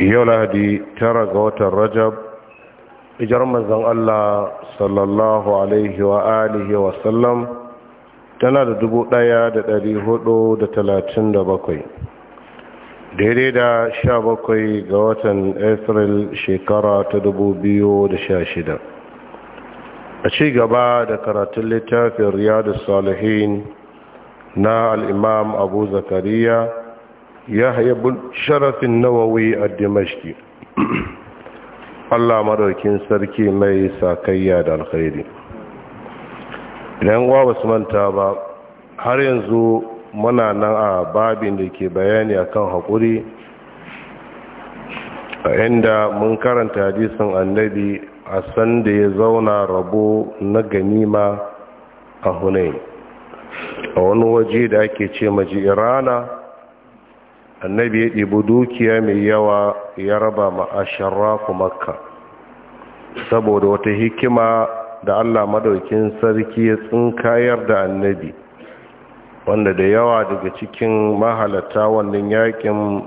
yau lahadi tara ga watan rajab ijar manzan Allah sallallahu alaihi wa alihi wa sallam tana da dubu ɗaya da ɗari hudu da talatin da bakwai daidai da sha bakwai ga watan april shekara ta dubu biyu da sha shida a ci gaba da karatun littafin riyadu salihin na al'imam abu zakariya yahya bin sharafin nawawi a dimashki allah maraukin sarki mai sakayya da alkhairi idan wa basu manta ba har yanzu muna nan a babin da ke bayani akan haƙuri a inda mun karanta hadisin annabi a sanda ya zauna rabo na ganima a hunayi a wani waje da ake ce maji irana annabi ya ɗibi dukiya mai yawa ya raba ma asharrafu makka saboda wata hikima da allah madaukin sarki ya tsinkayar da annabi wanda da yawa daga cikin mahalata wannan yakin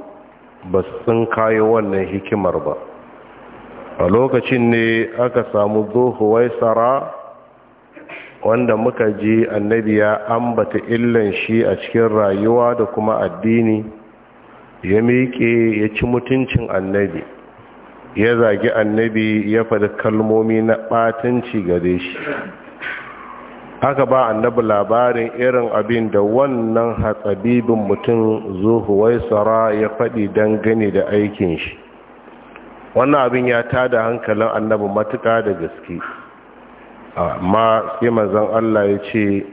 ba tsinkayo wannan hikimar ba a lokacin ne aka samu zuhuwai tsara wanda muka ji annabi ya ambata illan shi a cikin rayuwa da kuma addini ya miƙe ya ci mutuncin annabi ya zagi annabi ya faɗi kalmomi na ɓatanci gare shi Haka ba annabi labarin irin abin da wannan hatsabibin mutum zuhuwai tsara ya faɗi dangane da aikin shi wannan abin ya tada hankalin annabi matuƙa da gaske amma sai mazan Allah ya ce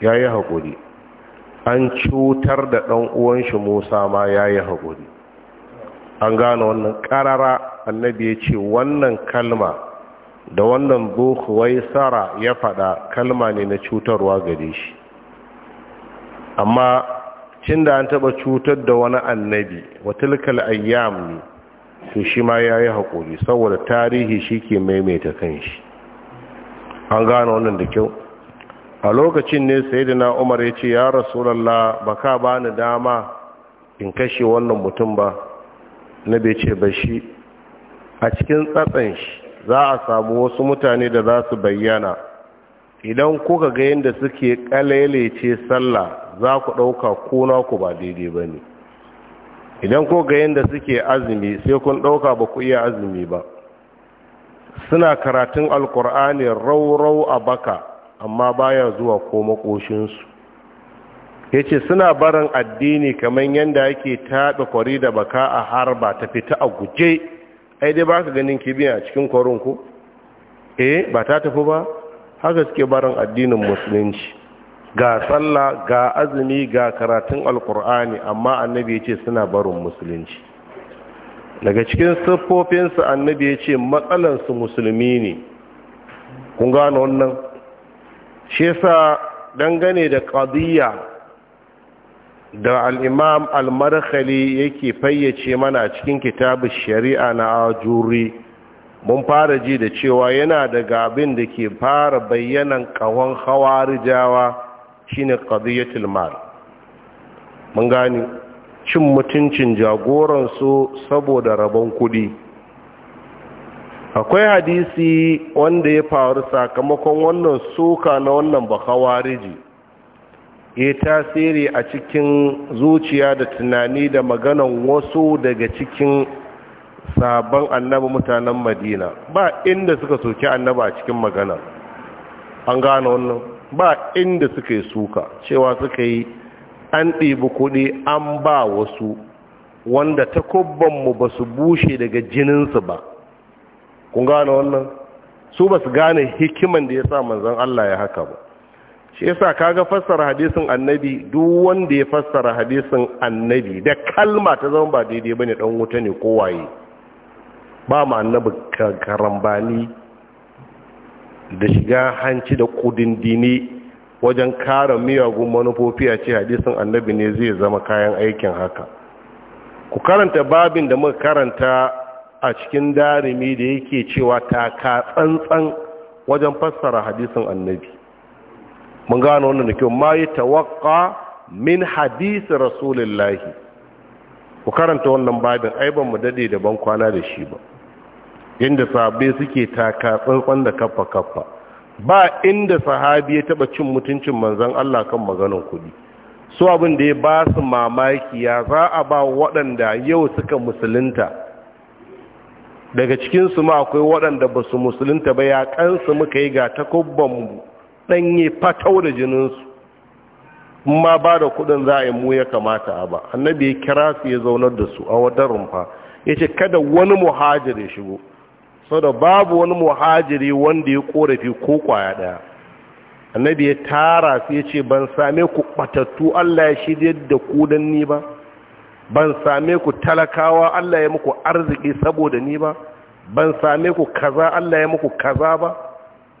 ya yi haƙuri an cutar da ɗan uwan Musa ma ya yi haƙuri an gane wannan ƙarara annabi ya ce wannan kalma da wannan buhuwai sara ya faɗa kalma ne na cutarwa gare shi amma cin da an taɓa cutar da wani annabi watilkal ayyam ne to shi ma ya yi haƙuri saboda tarihi shi ke maimaita kan shi an gane wannan da kyau a lokacin ne sai umar ya ce ya rasulallah ba ka ba ni dama in kashe wannan mutum ba na bai ce ba shi a cikin tsatsan shi za a samu wasu mutane da za su bayyana idan kuka ga yadda suke ce sallah za ku ɗauka kuna ku ba daidai ba ne idan ko ga yadda suke azumi sai kun ɗauka ba ku iya azumi ba suna karatun alkur'ani raurau a baka amma baya zuwa ko makoshinsu ya ce suna barin addini kamar yadda yake taɓa kwari da baka a harba ta fita a guje ai dai ba ka ganin kibiya a cikin kwarin ku eh ba ta tafi ba haka suke barin addinin musulunci ga sallah ga azumi ga karatun alkur'ani amma annabi ya ce suna barin musulunci daga cikin siffofinsu annabi ya ce matsalansu musulmi ne kun gano wannan shi yasa dangane da qadiyya da al-imam al al-marhali yake fayyace mana cikin kitabun shari'a na ajuri mun fara ji da cewa yana daga abin da ke fara bayyanan kawon hawarijawa shine qadiyatul mal mun gani cin mutuncin jagoransu saboda rabon kuɗi akwai hadisi wanda ya faru sakamakon wannan suka na wannan bakawariji ya tasiri a cikin zuciya da tunani da maganan wasu daga cikin sabon annaba mutanen madina ba inda suka soke annaba a cikin magana an gane wannan ba inda suka yi suka cewa suka yi an ɗibi kuɗi an ba wasu wanda takubbanmu ba su bushe daga jininsu ba kun gane wannan su ba su gane hikiman da ya sa manzan Allah ya haka ba shi yasa kaga fassara hadisin annabi duk wanda ya fassara hadisin annabi da kalma ta zama ba daidai bane dan wuta ne ko waye ba ma annabi karambani da shiga hanci da kudin dini wajen kare miyagun manufofi a ce hadisin annabi ne zai zama kayan aikin haka ku karanta babin da muka karanta a cikin darimi da yake cewa taka tsantsan wajen fassara hadisin annabi mun gano wannan da kyau ma yi tawakka min hadisi rasulullahi ku karanta wannan babin aiban mu dade da ban kwana da shi ba inda sahabbai suke taka tsantsan da kaffa kaffa ba inda sahabi ya taba cin mutuncin manzon Allah kan maganar kudi su abin da ya ba su mamaki ya za a ba waɗanda yau suka musulunta daga cikinsu ma akwai waɗanda ba su musulunta ba ya su muka yi ga takubbanmu ɗanye fatau da jininsu ma ba da kuɗin za a yi mu ya kamata a ba annabi ya kira su ya zaunar da su a wata rumfa ya ce kada wani muhajir ya shigo sau da babu wani muhajiri wanda ya korafi ko kwaya ɗaya annabi ya tara su ya ce ban same ku ɓatattu allah ya shirya da ku don ni ba ban same ku talakawa Allah ya muku arziki saboda ni ba ban same ku kaza Allah ya muku kaza ba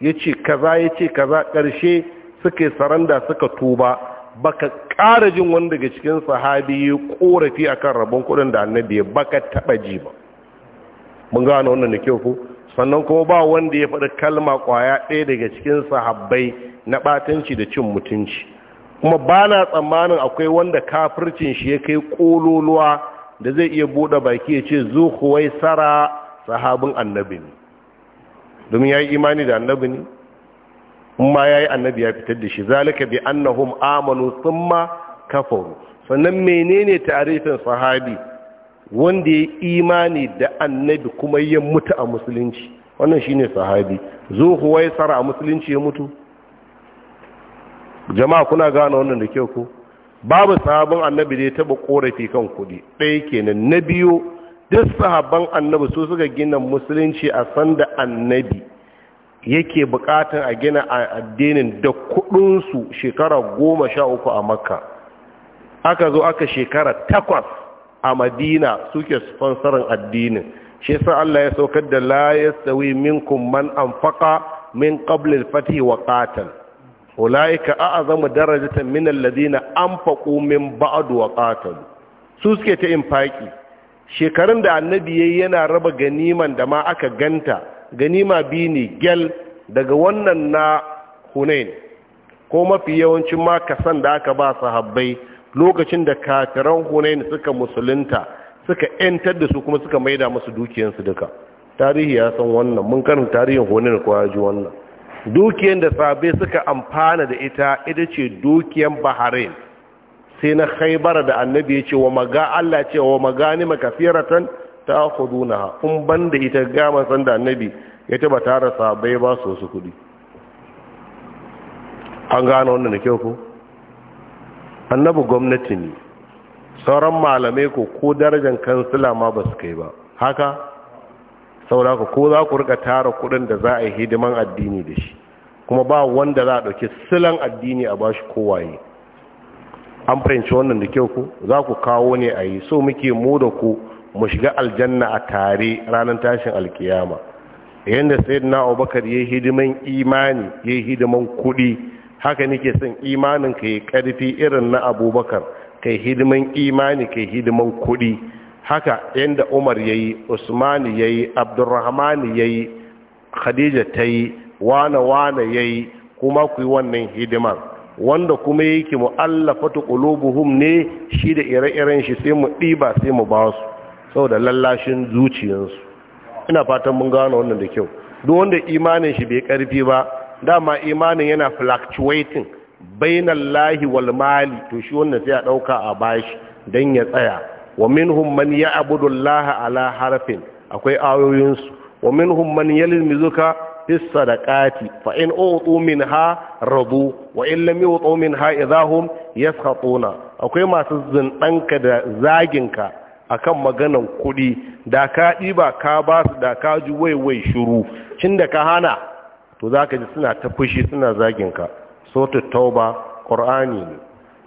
yace kaza yace kaza karshe suke saranda suka tuba baka ƙara jin wani daga cikin sahabi ya korafi akan rabon kudin da annabi ya baka taba ji ba mun gano wannan da kyau ku sannan kuma ba wanda ya faɗi kalma ƙwaya ɗaya daga cikin sahabbai na ɓatanci da cin mutunci kuma ba na tsammanin akwai wanda kafircin shi ya kai ƙololuwa da zai iya buɗe baki ya ce zo kuwai tsara sahabin annabi ne domin ya yi imani da annabi ne kuma ya yi annabi ya fitar da shi zalika bi annahum amanu summa kafaru sannan menene tarihin sahabi wanda ya imani da annabi kuma ya mutu a musulunci wannan shine sahabi zo kuwai tsara a musulunci ya mutu jama'a kuna gane wannan da kyau ko babu sahabban annabi da ya taba korafi kan kuɗi ɗaya kenan na biyu duk sahabban annabi su suka gina musulunci a sanda annabi yake bukatar a gina addinin da kudinsu shekara goma sha uku a makka aka zo aka shekara takwas a madina suke sponsorin addinin shi sa Allah ya saukar da la yastawi minkum man anfaqa min qabl al wa katal ulaika a'azamu darajatan min alladhina anfaqu min ba'd wa qatalu su suke ta infaki shekarun da annabi yayi yana raba ganiman da ma aka ganta ganima bi ne gel daga wannan na Hunain ko mafi yawancin ma kasan da aka ba sahabbai lokacin da kafiran Hunain suka musulunta suka yantar da su kuma suka maida musu dukiyansu duka tarihi ya san wannan mun karanta tarihin Hunain ko ya ji wannan dukiyar da sabe suka amfana da ita ita ce dukiyar baharin, sai na khaibar da annabi ya ce wa maga Allah ce wa magani makafiratan ta khuduna kun banda ita gama san da annabi ya taba tara sabai ba su wasu kudi an gano wannan da kyau ku? annabi gwamnati ne sauran malamai ko ko darajar kansila ma ba su kai ba haka saboda ko za ku rika tara kuɗin da za a yi hidiman addini da shi kuma ba wanda za a ɗauki silan addini a bashi kowaye an fahimci wannan da kyau ku za ku kawo ne a yi so muke mu da ku mu shiga aljanna a tare ranar tashin alkiyama yadda sayyidina abubakar ya yi hidiman imani ya yi hidiman kuɗi haka nake son imanin ka yi ƙarfi irin na abubakar kai hidiman imani kai hidiman kuɗi haka yadda umar ya yi usmani ya yi abdurrahmani ya yi khadija ta yi wane-wane ya yi kuma ku yi wannan hidimar wanda kuma yi muallafa mu'allafatu qulubuhum ne shi da ire-iren shi sai mu ɗiba sai mu ba su saboda lallashin zuciyarsu ina fatan mun gano wannan da kyau duk wanda imanin shi bai karfi ba dama imanin yana fluctuating bainallahi wal mali to shi wannan sai a ɗauka a bashi don ya tsaya wa minhum man ya'budu Allah ala harfin akwai ayoyin su wa minhum man yalmizuka fis sadaqati fa in utu minha radu wa in lam yutu minha idahum yaskhatuna akwai masu zindanka da zaginka akan maganan kuɗi da ka ɗiba ka ba su da ka ji waiwai shiru cin da ka hana to zaka ji suna ta fushi suna zaginka sautu tauba ƙur'ani. ne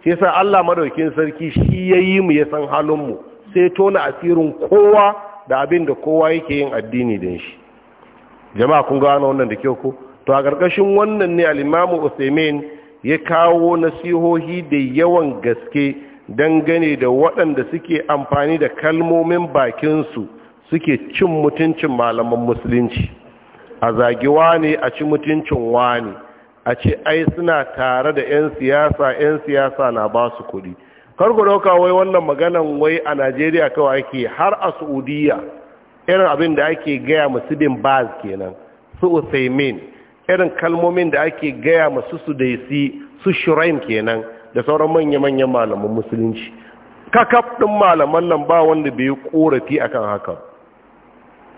sai sa Allah madaukin sarki shi yayi mu ya san halin sai tona asirin kowa da abin da kowa yake yin addini din shi jama'a kun gano wannan da kyau ko to a ƙarƙashin wannan ne al-Imam ya kawo nasihohi da yawan gaske dangane da waɗanda suke amfani da kalmomin bakinsu suke cin mutuncin malaman musulunci a zagiwa ne a ci mutuncin wani a ce ai suna tare da 'yan siyasa 'yan siyasa na ba su kuɗi kar ku ɗauka wai wannan maganan wai a najeriya kawai ake har a saudiya irin abin da ake gaya masu bin baz kenan su usaimin irin kalmomin da ake gaya masu su daisi su shirain kenan da sauran manya-manyan malaman musulunci kakaf ɗin malaman nan ba wanda bai yi ƙorafi akan haka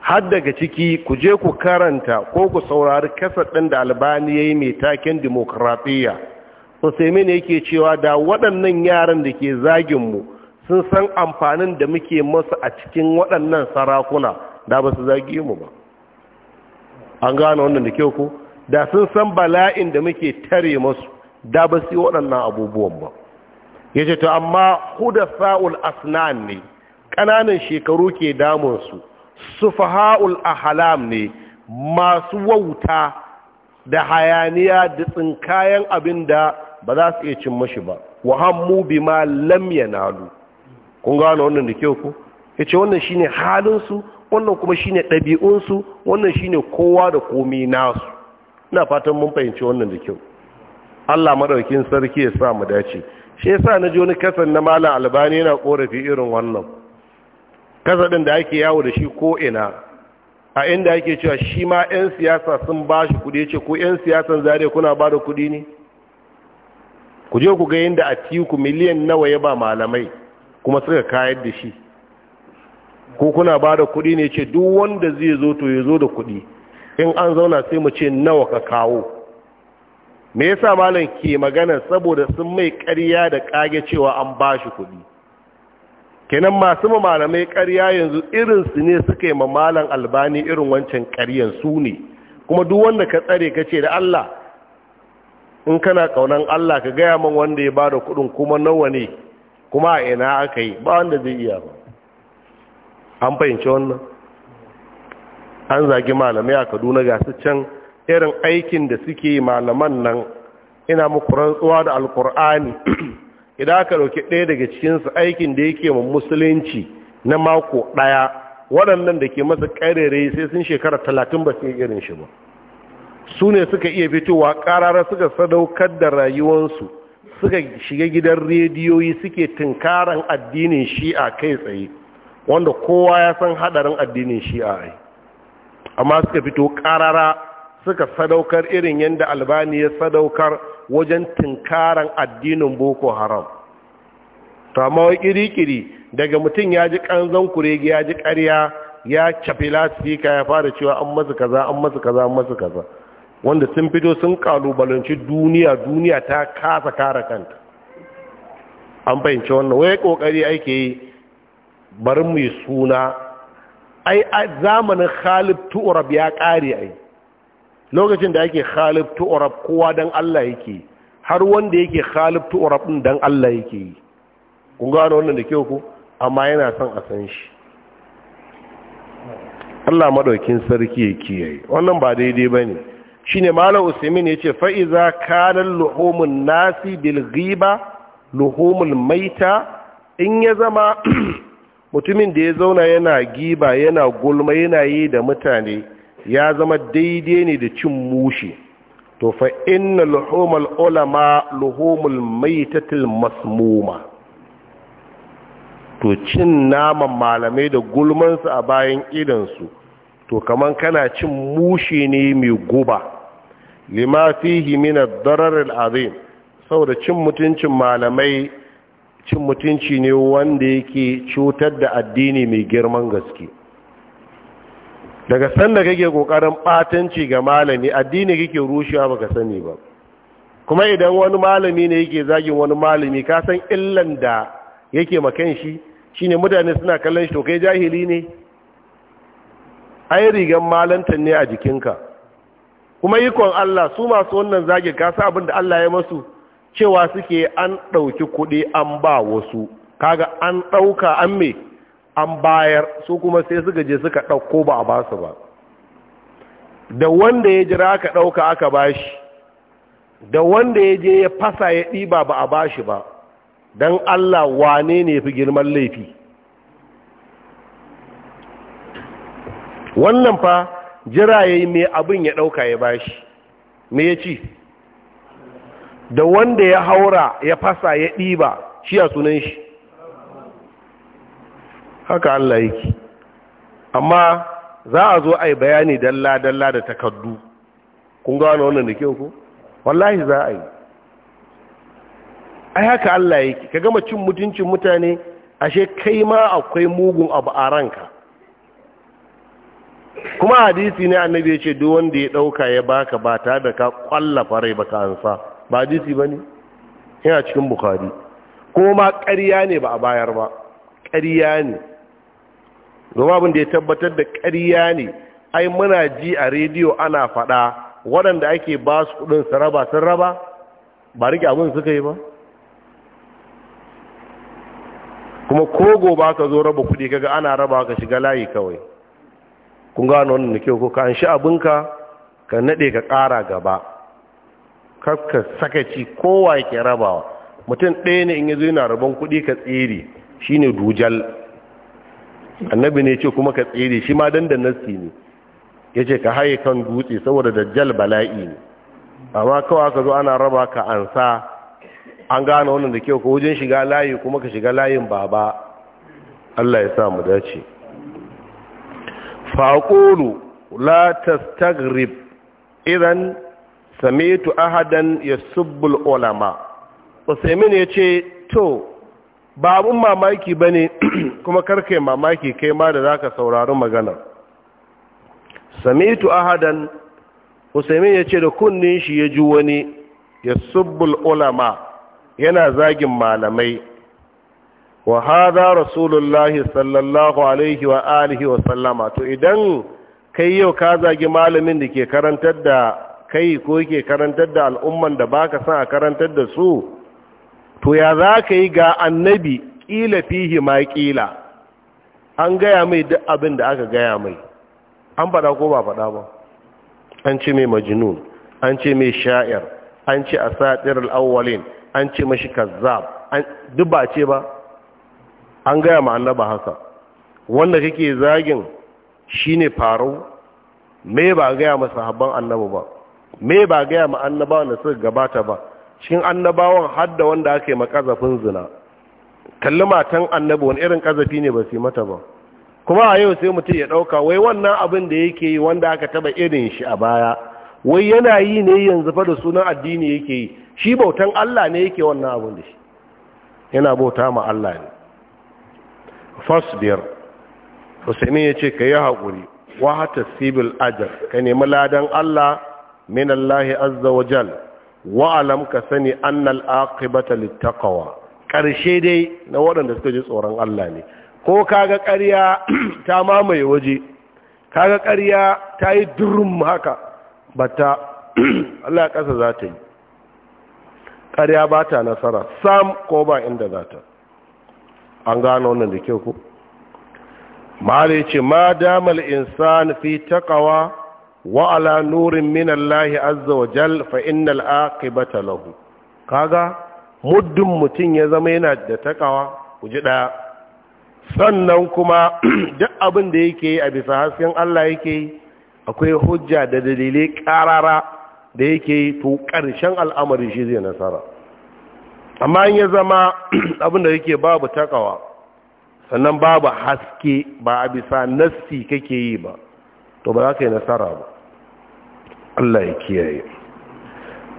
har daga ciki ku je ku karanta ko ku saurari kasar ɗin da albani ya yi mai taken demokratiya usaimin yake cewa da waɗannan yaran da ke zaginmu sun san amfanin da muke masu a cikin waɗannan sarakuna da ba su zagi mu ba an gano wannan da kyau ko da sun san bala'in da muke tare masu da ba su yi waɗannan abubuwan ba ya ce to amma huda sa'ul asnan ne ƙananan shekaru ke damunsu sufaha'ul ahlam ne masu wauta da hayaniya da tsinkayen abin da ba za su iya cin mashi ba wa ma lamya na yanalu kun gano wannan da kyau ku Ya ce wannan shi halin su wannan kuma shi ɗabi'un su wannan shi ne kowa da komi nasu ina fatan mun fahimci wannan da kyau Allah maɗaukin sarki ya sa mu dace shi na ji wani kasan na malam albani yana korafi irin wannan kasadin da ake yawo da shi ko ina a inda ake cewa shi ma 'yan siyasa sun ba shi kudi ce ko 'yan siyasan zare kuna ba da kudi ne ku je ku ga yadda a tiku miliyan nawa ya ba malamai kuma suka kayar da shi ko kuna ba da kudi ne ce duk wanda zai zo to ya zo da kudi in an zauna sai mu ce nawa ka kawo me yasa malam ke magana saboda sun mai ƙarya da ƙage cewa an ba shi kudi kenan masu malamai ƙarya yanzu irinsu ne suka yi mamalan albani irin wancan ƙaryan su ne kuma duk wanda ka tsare ka ce da Allah in kana ƙaunan Allah ka gaya man wanda ya bada kuɗin kuma nawa ne kuma a ina aka yi ba wanda zai iya ba an fahimci wannan an zagi malamai a kaduna ga su can irin aikin da suke malaman nan ina muku rantsuwa da alkur'ani idan aka ɗauki ɗaya daga cikinsu aikin da yake ma musulunci na mako ɗaya waɗannan da ke masa ƙarere sai sun shekara talatin ba su irin shi ba su ne suka iya fitowa ƙarara suka sadaukar da rayuwansu suka shiga gidan rediyoyi suke tunkaran addinin shi'a kai tsaye wanda kowa ya san haɗarin addinin shi'a ai amma suka fito ƙarara suka sadaukar irin yadda albani ya sadaukar wajen tunkaran addinin boko haram amma wai kiri-kiri daga mutum ya ji kanzon kuregi ya ji karya ya cafi lasifika ya fara cewa an masu kaza an masu kaza an masu kaza wanda sun fito sun kalubalanci duniya duniya ta kasa kare kanta an fahimci wannan wai kokari ake yi bari mu yi suna ai zamanin khalid tu'rab ya kare ai lokacin da yake khalif urab kowa dan Allah yake har wanda yake khalif urab din dan Allah yake kun gano wannan da kyau ku amma yana son a san shi Allah madaukin sarki ya kiyaye wannan ba daidai bane shine malam usaimin yace fa iza kana luhumun nasi bil ghiba luhumul maita in ya zama mutumin da ya zauna yana giba yana gulma yana yi da mutane ya zama daidai ne da cin mushi to fa inna luhumul ulama luhumul maitatil masmuma to cin naman malamai da gulman su a bayan su, to kaman kana cin mushi ne mai guba lima fihi min ad-darar al-azim saboda cin mutuncin malamai cin mutunci ne wanda yake cutar da addini mai girman gaske daga sanda kake kokarin batanci ga malami addini kake rushewa baka sani ba kuma idan wani malami ne yake zagin wani malami ka san illan da yake makan shi shine mutane suna kallon shi to kai jahili ne ai rigan malantan ne a jikinka kuma ikon Allah su masu wannan zagin, ka sa abin da Allah ya masu cewa suke an ɗauki kuɗi an ba wasu kaga an ɗauka an me an bayar su kuma sai suka je suka ɗauko ba a ba su ba da wanda ya jira aka ɗauka aka bashi da wanda ya je ya fasa ya ɗiba ba a bashi ba don Allah wane ne fi girman laifi wannan fa jira ya yi mai abin ya ɗauka ya bashi me ya ci da wanda ya haura ya fasa ya ɗiba shi a sunan shi haka Allah yake amma za a zo a yi bayani dalla-dalla da takardu kun gano wannan da ke ko wallahi za a yi ai haka Allah yake ka gama cin mutuncin mutane ashe kai ma akwai mugun abu a ranka kuma hadisi ne annabi ya ce duk wanda ya dauka ya baka ba ta da ka kwallafa rai ka ansa ba hadisi bane yana cikin bukhari kuma ma ƙarya ne ba a bayar ba ƙarya ne domin abin da ya tabbatar da ƙarya ne ai muna ji a rediyo ana faɗa waɗanda ake ba su kuɗin su raba sun raba ba rike abin suka yi ba kuma kogo ba ka zo raba kuɗi kaga ana raba ka shiga layi kawai kun gano wannan da kyau ko ka an shi abinka ka naɗe ka ƙara gaba kakka sakaci kowa ke rabawa mutum ɗaya ne in zo yana rabon kuɗi ka tsere shine dujal annabi ne ce kuma ka tsere shi ma dan da nassi ne yace ka haye kan dutse saboda dajjal bala'i ne amma kawai ka zo ana raba ka ansa an gane wannan da kyau ko wajen shiga layi kuma ka shiga layin baba Allah ya sa mu dace faqulu la tastagrib idan sami'tu ahadan yasubbu ulama usaimin yace to ba abun mamaki ba ne kuma karkai mamaki kai ma da za ka saurari magana samitu ahadan usaimin ya ce da kunnin shi ya ji wani ya subbul ulama yana zagin malamai wa hada rasulullahi sallallahu alaihi wa alihi wa sallama to idan kai yau ka zagi malamin da ke karantar da kai ko ke karantar da al'umman da ba ka san a karantar da su to ya za ka yi ga annabi ƙila fihi ma ƙila an gaya mai duk abin da aka gaya mai an faɗa ko ba faɗa ba an ce mai majinun an ce mai sha'ir an ce a sa'adar al'awwalin an ce mashi kazzab duk ba ce ba an gaya ma annaba haka wanda kake zagin shi ne farau me ba gaya ma habban annaba ba me ba gaya ma annaba wanda suka gabata ba cikin annabawan hadda wanda aka yi makazafin zina kalli matan annabi wani irin kazafi ne ba su yi mata ba kuma a yau sai mutum ya ɗauka wai wannan abin da yake yi wanda aka taba irin shi a baya wai yana yi ne yanzu fa da sunan addini yake yi shi bautan Allah ne yake wannan abin da shi yana bauta ma Allah ne fasbir Husaini ya ce ka yi hakuri, wa hata sibil ajar ka nemi ladan Allah min Allah azza wa jalla wa'alam ka sani annal aqibata littaqwa karshe dai na waɗanda suka ji tsoron Allah ne ko kaga ƙarya ta mamaye waje kaga ƙarya ta yi durum haka bata Allah ƙasa za ta yi ƙarya ba ta nasara sam ko ba inda za ta an gano wannan da kyau ku mare ce ma damal insan fi takawa Wa'ala nurin minallahi lahi azza wa jal fa innal aqibata lahu kaga muddin mutum ya zama yana da takawa kuji ɗaya? sannan kuma duk abin da yake a bisa hasken Allah yake akwai hujja da dalilai karara da yake to karshen al'amari shi zai nasara amma in ya zama abin da yake babu takawa sannan babu haske ba a bisa nassi kake yi ba to ba za ka yi nasara ba Allah ya kiyaye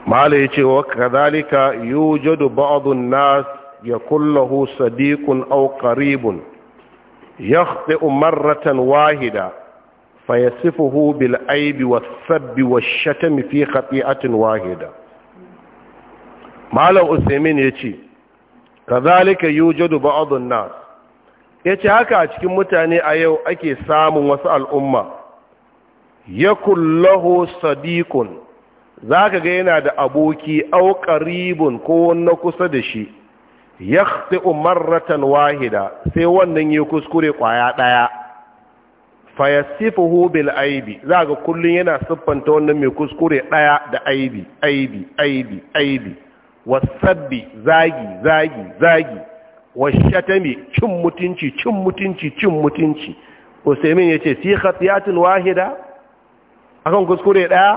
mala ce wa kadhalika yujadu da an-nas hu sadiqun aukaribun qaribun yakhti'u marratan wahida fayasifuhu bil aibi was-sabbi wash-shatami fi khati'atin wahida mala usaymin yace kadhalika yujadu da an-nas ce haka a cikin mutane a yau ake samun wasu al'umma ya lahu sadiqun zaka ga yana da aboki au qaribun ko na kusa da shi yakhti'u marratan wahida sai wannan ya kuskure kwaya daya fayasifuhu bil aibi zaka kullun yana siffanta wannan mai kuskure daya da aibi aibi aibi aibi wasabbi zagi zagi zagi washatami cin mutunci cin mutunci cin mutunci usaimin yace si khatiyatin wahida akan kuskure ɗaya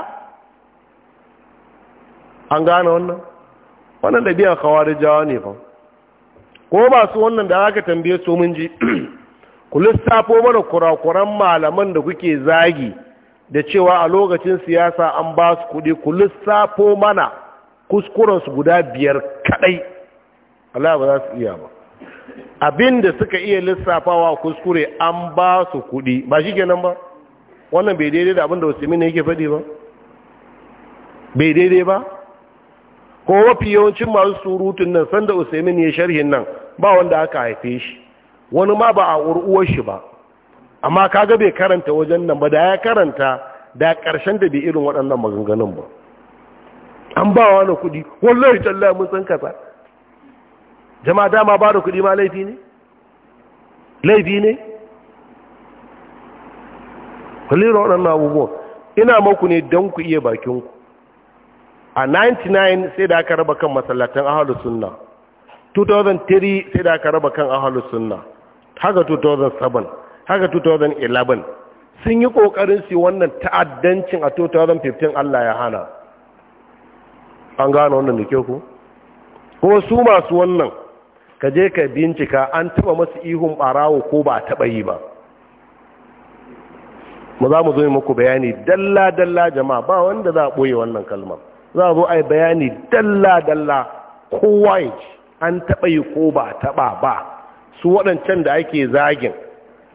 an gane wannan wannan da biyan kawarin jawa ne fa ko ba su wannan da aka tambaye su mun ji ku lissafo mana kurakuran malaman da kuke zagi da cewa a lokacin siyasa an ba su kuɗi ku lissafo mana kuskuren su guda biyar kadai Allah ba za su iya ba abin da suka iya lissafawa kuskure an ba su kuɗi ba shi kenan ba wannan bai daidai da abinda mini yake faɗi ba bai daidai ba ko mafi yawancin masu surutun nan sanda usaimin ya sharhin nan ba wanda aka haife shi wani ma ba a ur'uwar shi ba amma kaga bai karanta wajen nan ba da ya karanta da ƙarshen da bai irin waɗannan maganganun ba an ba wa kudi kuɗi wallahi tallahi mun san kasa jama'a dama ba da kuɗi ma laifi ne laifi ne kulli waɗannan abubuwan ina maku ne don ku iya bakinku a 99 sai da aka raba kan masallatan ahalus sunna 2003 sai da aka raba kan ahalus sunna haka 2007 haka 2011 sun yi ƙoƙarin su wannan ta'addancin a 2015 Allah ya hana an gano wannan da ke ku ko su masu wannan ka je ka bincika an taba masu ihun barawo ko ba a taba yi ba mu za mu zo yi muku bayani dalla dalla jama'a ba wanda za a ɓoye wannan kalmar za a zo a yi bayani dalla dalla kowa ya ci an taɓa yi ko ba taɓa ba su waɗancan da ake zagin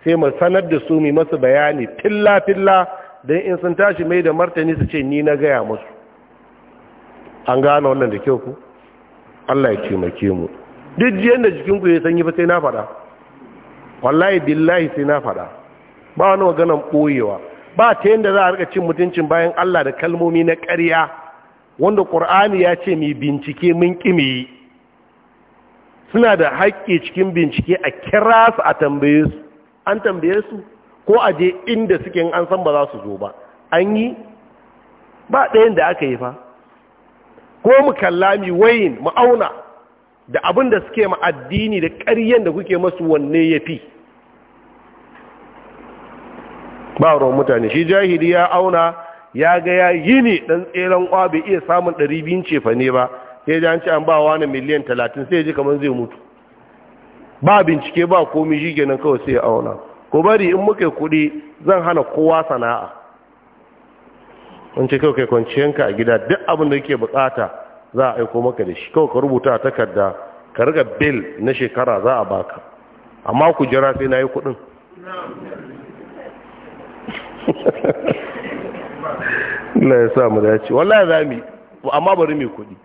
sai mu sanar da su mai masu bayani filla filla don in sun tashi mai da martani su ce ni na gaya musu an gane wannan da kyau ku Allah ya taimake mu duk jiyan da jikinku ya sanyi ba sai na faɗa wallahi billahi sai na faɗa ba wani maganan ɓoyewa ba ta yadda za a rika cin mutuncin bayan Allah da kalmomi na ƙarya wanda ƙur'ani ya ce mai bincike mun yi, suna da haƙƙi cikin bincike a kira su a tambaye su an tambaye su ko a je inda suke an san ba za su zo ba an yi ba ɗayan da aka yi fa ko mu kalla kallami wayin mu auna da abin da suke ma addini da ƙaryen da kuke masu wanne ya fi ba ruwan mutane shi jahili ya auna ya ga ya yi ne dan tseren kwa bai iya samun ɗari biyun cefa ne ba sai ji an ci an ba wa na miliyan talatin sai ji kamar zai mutu ba bincike ba komi shi kenan kawai sai auna ko bari in muka kuɗi zan hana kowa sana'a wance kawai kwanciyanka a gida duk abin da yake bukata za a aiko maka da shi kawai ka rubuta a takarda ka riga bil na shekara za a baka amma ku jira sai na yi kuɗin Allah ya sa mu dace wallahi za mi, amma bari mai kudi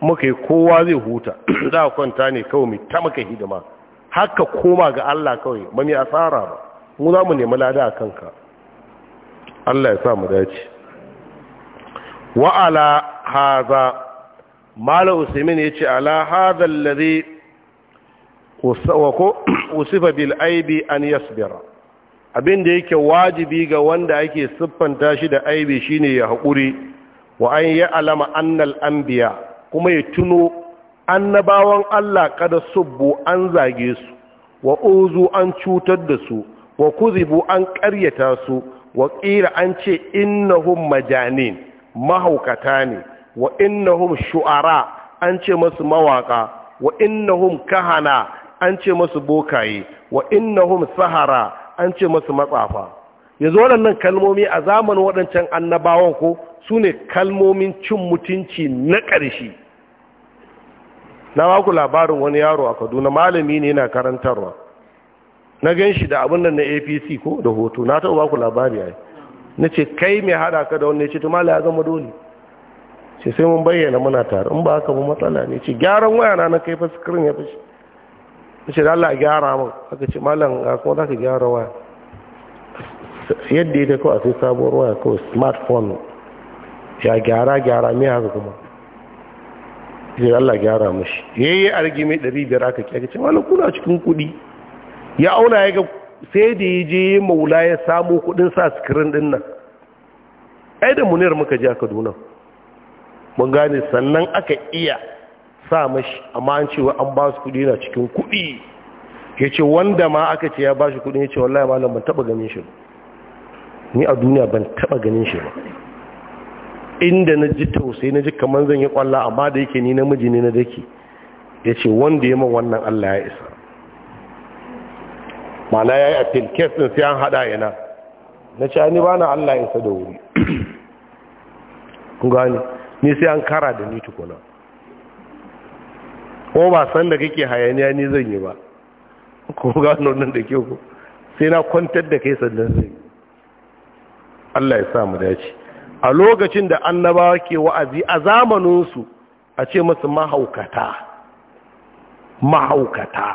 muka yi kowa zai huta za a kwanta ne kawai mu ta maka hidima haka koma ga Allah kawai ba mai asara ba mu za mu nemi lada a kanka Allah ya sa mu dace wa ala haza mala usaimin ce, ala hadha alladhi bil بالعيب an yasbira. abin da yake wajibi ga wanda ake siffanta shi da aibi shine ya haƙuri wa an ya alama annal anbiya kuma ya tuno annabawan Allah kada subbu an zage su wa uzu an cutar da su wa kuzibu an ƙaryata su wa ƙira an ce innahum majanin mahaukata ne wa innahum shu'ara an ce masu mawaka wa innahum kahana an ce masu bokaye wa innahum sahara an ce masu matsafa yanzu waɗannan kalmomi a zamanin waɗancan annabawan ko su ne kalmomin cin mutunci na ƙarshe na baku labarin wani yaro a kaduna malami ne yana karantarwa na gan shi da abin nan na apc ko da hoto na taɓa baku labari yi na ce kai mai haɗa ka da wani ce mala ya zama dole ce sai mun bayyana muna tare in ba haka mun matsala ne ce gyaran waya na na kai fa sikirin ya fashe ce da Allah gyara mun aka ce malam ga kuma za ka gyara waya yadda ya kawai sai sabuwar waya kawai smartphone ya gyara gyara mai haka kuma ce da Allah gyara mashi ya yi argime 500 aka kyaka ce malam kuna cikin kudi ya auna ya ga sai da ya je maula ya samu kudin sa sikirin din nan ai da muniyar muka ji a kaduna mun gane sannan aka iya sa mashi amma an ce an ba su kudi na cikin kudi ya ce wanda ma aka ce ya ba shi kudi ya ce wallahi malam ban taba ganin shi ni a duniya ban taba ganin shi ba inda na ji tausayi na ji kamar zan yi kwalla amma da yake ni namiji ne na daki ya ce wanda ya ma wannan Allah ya isa mana ya yi a tilkesin din sai an hada yana na ce ni ba na Allah ya isa da wuri kun gani ni sai an kara da ni tukuna ko ba san da kake hayaniya ni zan yi ba ko ga nan da ke ku sai na kwantar da kai sannan zai yi Allah ya sa mu dace a lokacin da annabawa ke wa'azi a zamaninsu a ce masu mahaukata mahaukata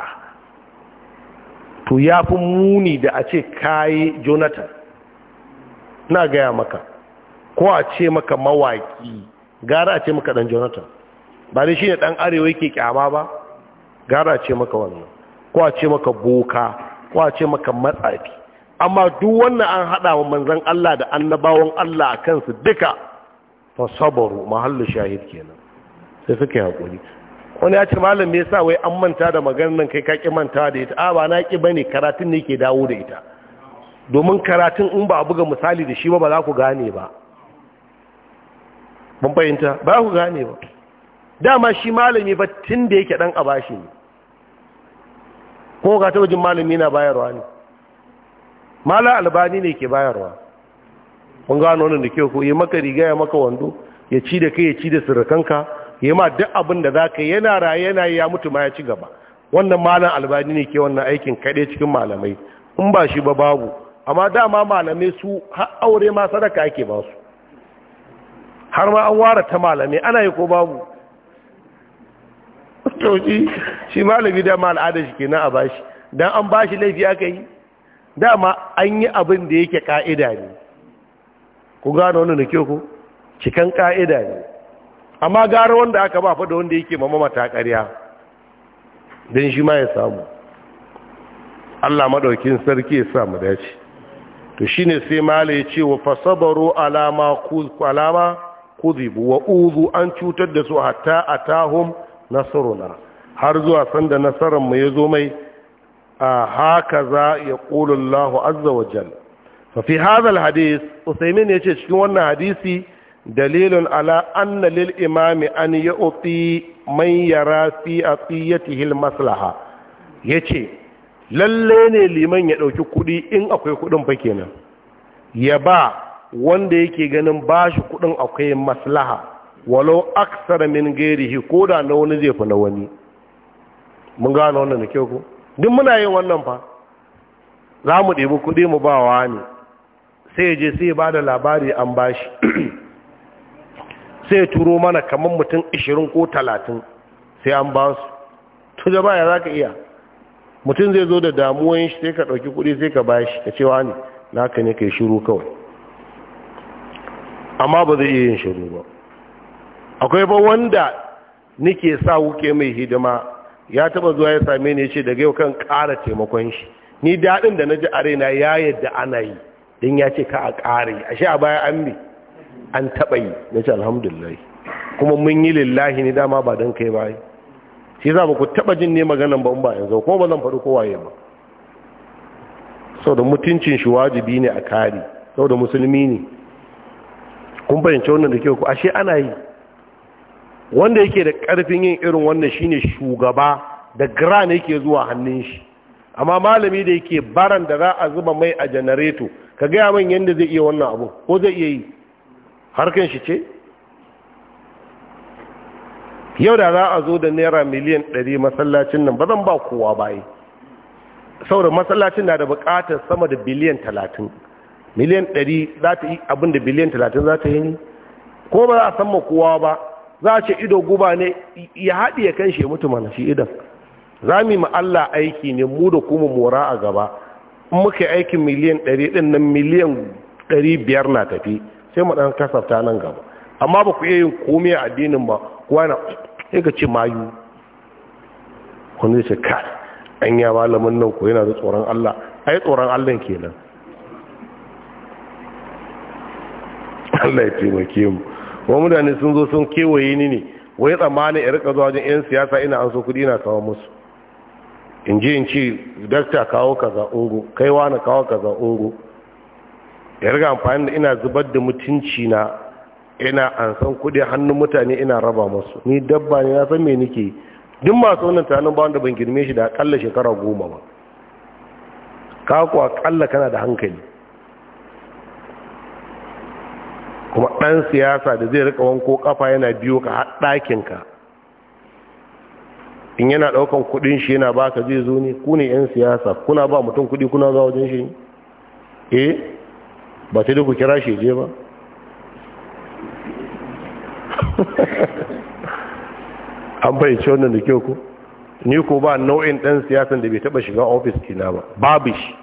to ya fi muni da a ce kayi jonathan na gaya maka ko a ce maka mawaki gara a ce maka dan jonathan ba ne shi ne ɗan arewa yake kyama ba gara ce maka wannan ko a ce maka boka ko a ce maka matsafi amma duk wannan an haɗa wa manzan Allah da annabawan Allah a kansu duka fa sabaru mahallu shahid kenan sai suka yi haƙuri wani ya ce malam me yasa wai an manta da maganar nan kai ka ƙi manta da ita a ba na ba bane karatun ne ke dawo da ita domin karatun in ba a buga misali da shi ba ba za ku gane ba mun fahimta ba ku gane ba dama shi malami ba tun da yake dan abashi ne ko ga ta jin malami na bayarwa ne mala albani ne ke bayarwa kun gano wani da ke ko yi maka riga ya maka wando ya ci da kai ya ci da sirrikanka ya ma duk abin da za ka yana raye yana ya mutu ma ya ci gaba wannan malam albani ne ke wannan aikin kaɗai cikin malamai in ba shi ba babu amma dama malamai su har aure ma sadaka ake ba su har ma an ware ta malamai ana yi ko babu tauci shi malami dama al'ada shi kenan a bashi don an bashi laifi aka yi dama an yi abin da yake ka'ida ne ku gano wani da kyau ku cikan ka'ida ne amma gara wanda aka ba fa wanda yake mamama ta don shi ma ya samu Allah maɗaukin sarki ya samu dace to shine sai mala ya ce wa fasabaro alama kuz kuzibu wa uzu an cutar da su hatta atahum nasaruna har zuwa sanda nasaran mu yazo mai a haka za ya qulu Allahu azza wa Jal fa fi hadha alhadith usaymin ce cikin wannan hadisi dalilin ala anna lil imami an ya yu'ti man yara fi maslaha. Ya ce lalle ne liman ya ɗauki kuɗi in akwai kuɗin fa kenan ya ba wanda yake ganin bashi kuɗin akwai maslaha walau aksara min gairihi ko da na wani zai fi na wani mun gano wannan da kyau ko duk muna yin wannan fa za mu ɗebi kuɗi mu ba wa ne sai je sai ba da labari an bashi sai turo mana kamar mutum ishirin ko talatin sai an ba su tuja baya za ka iya mutum zai zo da damuwan shi sai ka ɗauki kuɗi sai ka ba shi ka cewa ne na ka ne ka yi shiru kawai amma ba zai iya yin shiru ba akwai ba wanda nike sa wuke mai hidima ya taba zuwa ya same ni ce daga yau kan ƙara taimakon shi ni daɗin da na ji arena ya yadda ana yi don ya ka a ƙare a baya an bi an taɓa yi na alhamdulillah kuma mun yi lillahi ni dama ba don kai bayi shi za ba ku taɓa jin ne maganan ba ba yanzu ko ba zan faɗi waye ba sau mutuncin shi wajibi ne a kare sau musulmi ne kun fahimci wannan da kyau ku ashe ana yi wanda yake da ƙarfin yin irin wannan shine shugaba da gran yake zuwa hannun shi amma malami da yake baran da za a zuba mai a janareto ka gaya min yadda zai iya wannan abu ko zai iya yi harkan shi ce yau da za a zo da naira miliyan 100 masallacin nan ba zan ba kowa baye saboda masallacin na da bukatar sama da biliyan 30 miliyan 100 za ta yi abin da biliyan 30 za ta yi ne ko ba za a san ma kowa ba za a ce ido guba ne ya haɗi ya kan shi mutu mana shi idan za mu yi Allah aiki ne mu da kuma mora a gaba muka aiki aikin miliyan 100 ɗin nan miliyan 500 na tafi sai mu ɗan kasafta nan gaba amma ba ku iya yin komai a addinin ba kuwa na sai ce mayu wani zai ce ka an yi malamin nan ku yana da tsoron Allah ai tsoron Allah kenan Allah ya taimake mu wa mutane sun zo sun kewaye ni ne wai tsammani ya rika zuwa wajen 'yan siyasa ina an so kuɗi ina kawo musu in ji in ci dakta kawo kaza ogo kaiwa na kawo kaza ungu, ya riga amfani da ina zubar da mutunci na ina san kudi hannun mutane ina raba masu ni dabba ne na san me nake duk masu wannan tunanin ba wanda ban girme shi da akalla shekara goma ba ka kuwa akalla kana da hankali kuma ɗan siyasa da zai rika wanko ƙafa yana biyo ka ɗakinka in yana ɗaukan kuɗin shi yana ba ka zai zo ne ku ne 'yan siyasa kuna ba mutum kuɗi kuna zuwa wajen shi eh ba ta duk kira shi je ba an fahimci wannan da kyau ku ni ko ba nau'in ɗan siyasan da bai taɓa shiga ofis kina ba babu shi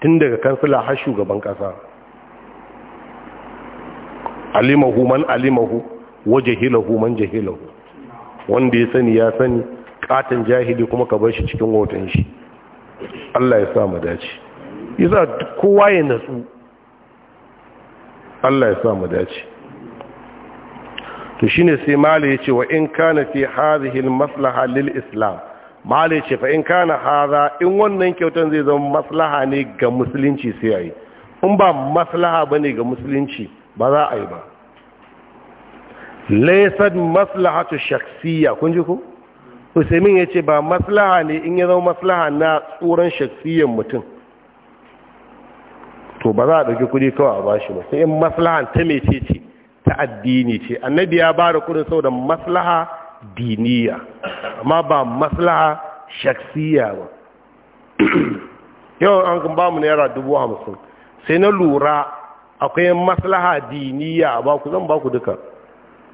tun daga kansila har shugaban ƙasa alimahu man alimahu wa jahilahu man jahilahu wanda ya sani ya sani katon jahili kuma ka bar shi cikin hoton shi Allah ya sa mu dace yasa kowa ya natsu Allah ya sa mu dace to shine sai mala yace wa in kana fi hadhihi maslaha lil islam mala yace fa in kana hadha in wannan kyautan zai zama maslaha ne ga musulunci sai yayi in ba maslaha bane ga musulunci ba za a yi ba maslaha maslahatu shaksiya kun ji ku? usaimin ya ce ba maslaha ne in ya zama maslaha na tsoron shaksiyan mutum to ba za a ɗauki kudi kawai a bashi ba sai in maslahan ta mece ce ta addini ce annabi ya ba da kudin da maslaha diniya amma ba maslaha shaksiya ba yau an kan ba mu naira dubu hamsin sai na lura akwai maslaha diniya ba ku zan ba duka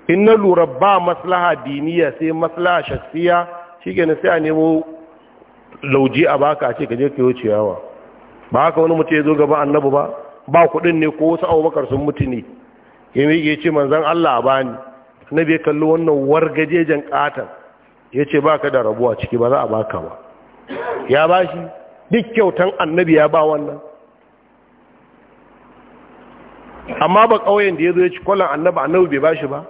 in na lura ba maslaha diniya sai maslaha shaksiya shi ke sai a nemo lauji a baka a ce ka je ka ba haka wani mutum ya zo gaba annabi ba ba kuɗin ne ko wasu abubakar sun mutu ne ya ce manzan allah a bani annabi ya kalli wannan wargajejen katon ya ce ba ka da rabuwa ciki ba za a baka ba ya ba shi duk kyautan annabi ya ba wannan amma ba ƙauyen da ya zo ya ci kwallon annaba annabi bai bashi ba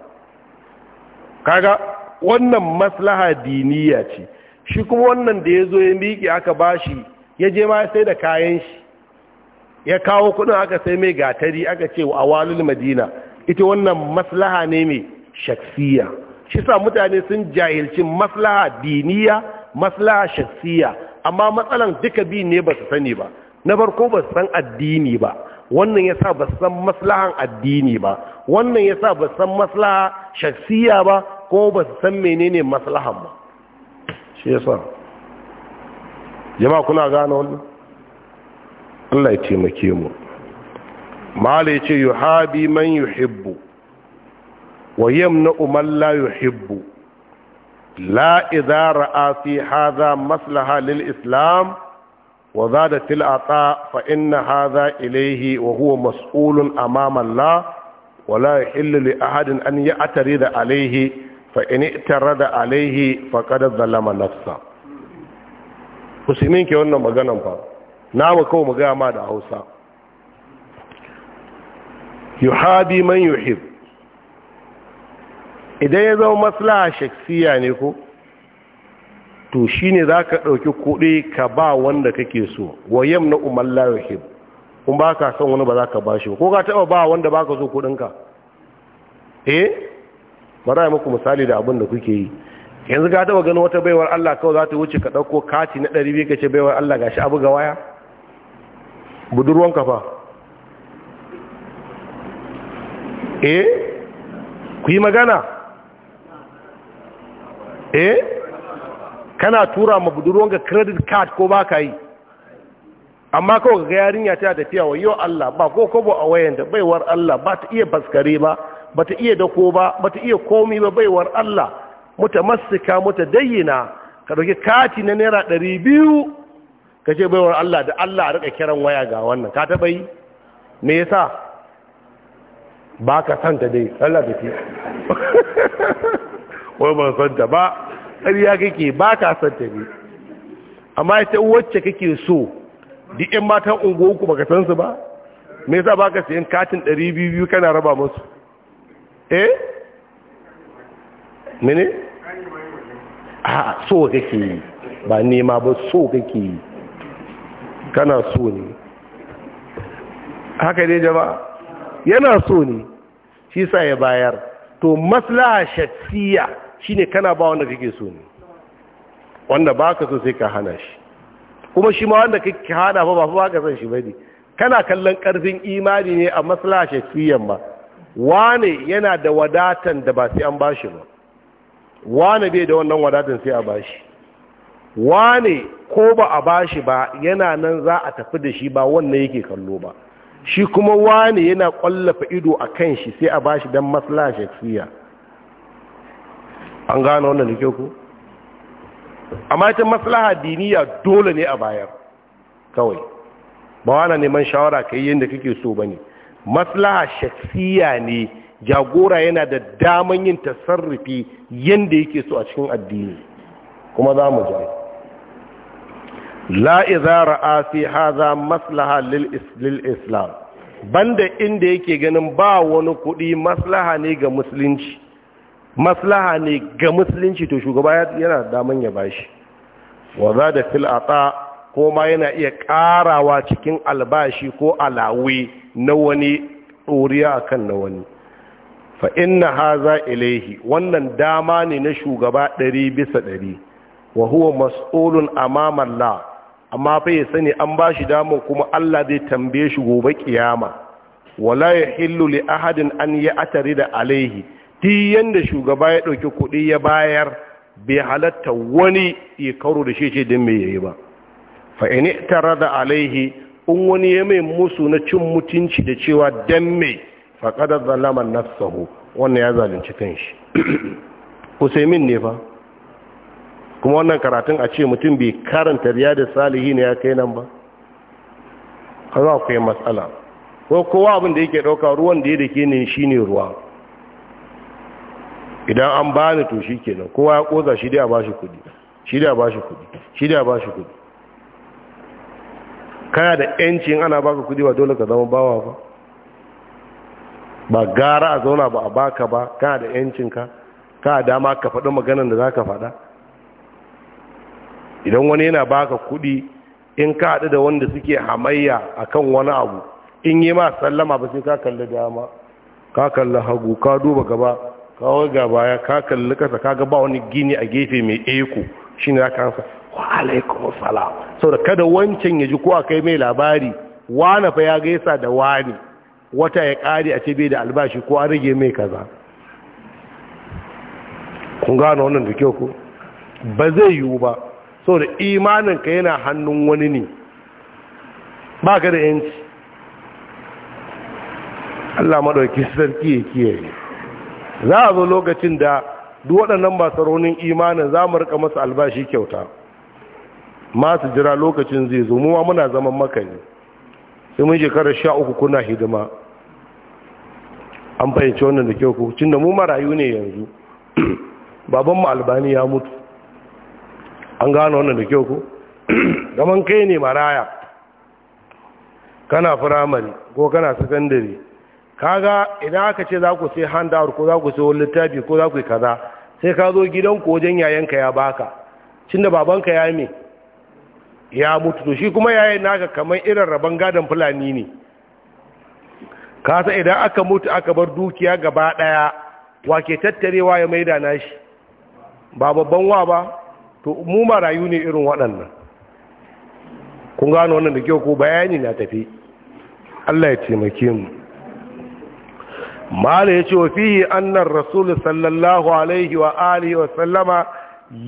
kaga wannan maslaha diniya ce shi kuma wannan da ya zo ya miƙe aka bashi ya je ma sai da kayan shi ya kawo kudin aka sai mai gatari aka ce a walul madina ita wannan maslaha ne mai shaksiya shi sa mutane sun jahilci maslaha diniya maslaha shaksiya amma matsalan duka bi ne ba su sani ba na farko ba su san addini ba wannan ya sa ba san maslahan addini ba wannan ya sa ba san maslaha shaksiya ba ko ba su san menene maslahan ba shi ya sa jama'a kuna gane wannan Allah ya taimake mu mala ya ce yuhabi man yuhibbu wa yamna'u man la yuhibbu la idza ra'a fi hadha maslaha lil islam وزادت العطاء فإن هذا إليه وهو مسؤول أمام wa huwa mas'ulun لأحد أن يأترد عليه فإن اعترد عليه an ظلم alayhi fa ke wannan maganan fa na ba kawo magana ma da Hausa yuhabi man yuhib idan ya zama maslaha shaksiya ne ko to ne za ka ɗauki kuɗi ka ba wanda kake so wa yam na umar lahib kuma ba ka son wani ba za ka ba shi ko ka taɓa ba wanda ba ka so kuɗinka eh mara yi muku misali da abin da kuke yi yanzu ka taɓa ganin wata baiwar Allah kawai za ta wuce ka ɗauko kati na ɗari biyu ka ce baiwar Allah ga shi abu ga waya budurwanka kafa eh ku yi magana eh kana tura ma ga credit card ko ba ka yi amma kawai ga yarinya ta tafiya wa yau Allah ba ko kobo a wayan da baiwar Allah ba ta iya faskare ba ba ta iya dako ba ba ta iya komi ba baiwar Allah muta masika muta dayyana ka dauki kati na naira ɗari biyu ka ce baiwar Allah da Allah a rika kiran waya ga wannan ka taɓa yi me yasa ba ka santa dai Allah da ke wai ban santa ba ƙarya kake ba ka san ta ne amma ita wacce kake so duk yan matan unguwa ku baka san su ba me yasa baka sayan katin 200 kana raba musu eh mene a so kake yi ba nema ba so kake yi kana so ne haka ne jama'a yana so ne shi sa ya bayar to maslaha shafiya Shi ne kana ba wanda kake so ne wanda baka so sai ka hana shi kuma shi ma wanda kake hana ba ba fa baka san shi bane kana kallon karfin imani ne a masala shafiyan ba wane yana da wadatan da ba sai an bashi ba wane bai da wannan wadatan sai a bashi wane ko ba a bashi ba yana nan za a tafi da shi ba wannan yake kallo ba shi kuma wane yana kwallafa ido a kan shi sai a bashi don masala shafiya an gano wannan da ke ku amma ita maslaha diniya dole ne a bayar kawai ba wana neman shawara ka yi yadda kake so ba ne maslaha shaksiya ne jagora yana da daman yin tasarrufi yadda yake so a cikin addini kuma za mu jai la'iza ra'a fi haza maslaha lil islam banda inda yake ganin ba wani kuɗi maslaha ne ga musulunci maslaha ne ga musulunci to shugaba yana daman ya bashi wa za da fil ata ko ma yana iya karawa cikin albashi ko alawi na wani ɗoriya akan na wani fa inna haza ilaihi wannan dama ne na shugaba ɗari bisa ɗari wa huwa mas'ulun amaman la amma fa ya sani an bashi damar kuma Allah zai tambaye shi gobe kiyama wala yahillu li ahadin an ya'tari da alaihi di yanda shugaba ya ɗauki kuɗi ya bayar bai halatta wani ya karo da shi ce din mai yayi ba fa'ini tara da alaihi in wani ya mai musu na cin mutunci da cewa dan mai faƙadar zalama nafsahu wannan ya zalunci kanshi usaimin ne fa kuma wannan karatun a ce mutum bai karanta riyadu salihi ne ya kai nan ba kaza akwai matsala ko kowa abin da yake ɗauka ruwan da ya dake ne shine ruwa idan an bani to shi kenan kowa ya koza shi dai a bashi kudi shi dai a bashi kudi shi dai a bashi kudi kana da yancin ana baka kudi ba dole ka zama bawa ba ba gara a zauna ba a baka ba kana da yancin ka ka dama ka faɗi maganar da zaka faɗa idan wani yana baka kudi in ka haɗu da wanda suke hamayya akan wani abu in yi ma sallama ba sai ka kalli dama ka kalli hagu ka duba gaba kawo ga baya ka kalli kasa kaga ba wani gini a gefe mai eko shine zaka ansa wa alaikum assalam saboda kada wancan ya ji ko akai mai labari wani fa ya gaisa da wani wata ya kare a ce bai da albashi ko an rage mai kaza kun gano wannan da kyau ko ba zai yiwu ba saboda imaninka yana hannun wani ne ba ka da yanci Allah madauki sarki ya kiyaye za a zo lokacin da duk waɗannan masu raunin imanin za mu rika masu albashi kyauta masu jira lokacin zai zo muwa muna zaman makani sai mun shekarar sha uku kuna hidima an fahimci wannan da kyau ku da mu marayu ne yanzu mu albani ya mutu an gano wannan da kyau ku gaman kai ne maraya kana firamare ko kana sakandare kaga idan aka ce za ku sai handout ko za ku sai wani littafi ko za ku yi kaza sai ka zo gidan gidanku wajen yayanka ya baka cin da babanka ya me ya mutu to shi kuma yayin naka kamar irin rabon gadon fulani ne kasa idan aka mutu aka bar dukiya gaba daya wake tattarewa ya maida nashi ba babban wa ba to mu marayu ne irin waɗannan kun gano wannan da kyau ko bayani na tafi Allah ya taimake mu mala ya ce wa fihi annan rasulu sallallahu alaihi wa alihi wa sallama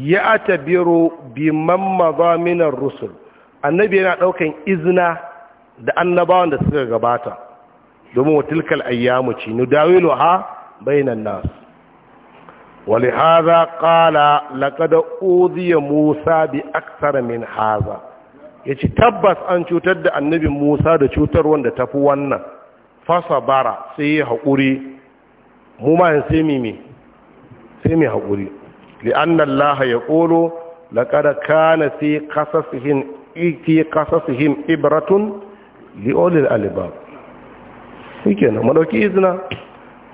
ya atabiru bi ba minan rusul annabi yana daukan izina da annabawan da suka gabata domin wa tilkal ayyamu ci nudawilu ha bainan nas wali haza qala laqad uziya musa bi akthar min haza yace tabbas an cutar da annabi musa da cutar wanda tafi wannan fasa bara sai yi haƙuri mu ma yin sai mimi sai mai haƙuri li'annan laha ya ƙoro laƙada kana sai kasasihin ibratun li'olin alibab shi kenan madauki izina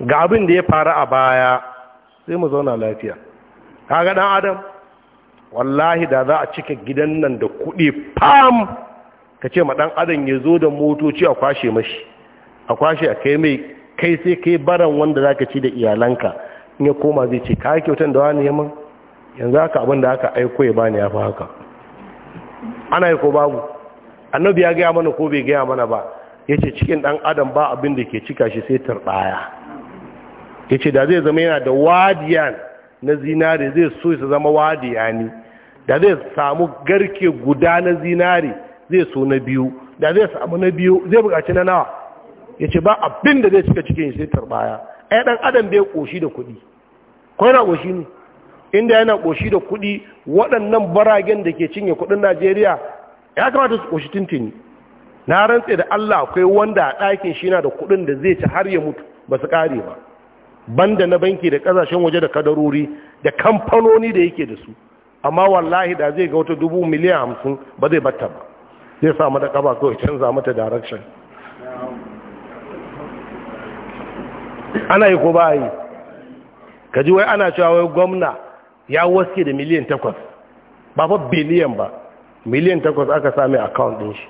ga abin da ya faru a baya sai mu zauna lafiya Ka ga ɗan adam wallahi da za a cika gidan nan da kuɗi fam ka ce ma ɗan adam ya zo da motoci a kwashe mashi a kwashe a kai mai kai sai kai baran wanda za ka ci da iyalanka in ya koma zai ce ka kyautan da wani yamma yanzu haka abin da aka aiko ya bani ya fi haka ana yi ko babu annabi ya gaya mana ko bai gaya mana ba ya ce cikin ɗan adam ba abin da ke cika shi sai turɓaya ya ce da zai zama yana da wadiyan na zinare zai so su zama wadiyani. ne da zai samu garke guda na zinare zai so na biyu da zai samu na biyu zai buƙaci na nawa ya ce ba abin da zai cika cikin sai turbaya ɗaya dan adam bai koshi da kuɗi ko yana koshi ne inda yana koshi da kuɗi waɗannan baragen da ke cinye kuɗin Najeriya ya kamata su koshi tintini na rantse da Allah akwai wanda a ɗakin shi na da kuɗin da zai ci har ya mutu ba su ƙare ba banda na banki da ƙasashen waje da kadarori da kamfanoni da yake da su amma wallahi da zai ga wata dubu miliyan hamsin ba zai batta ba zai samu da ƙaba kawai canza mata direction ana yi ko ba yi ka ji wai ana cewa wai gwamna ya waske da miliyan takwas ba fa biliyan ba miliyan takwas aka sami akawun din shi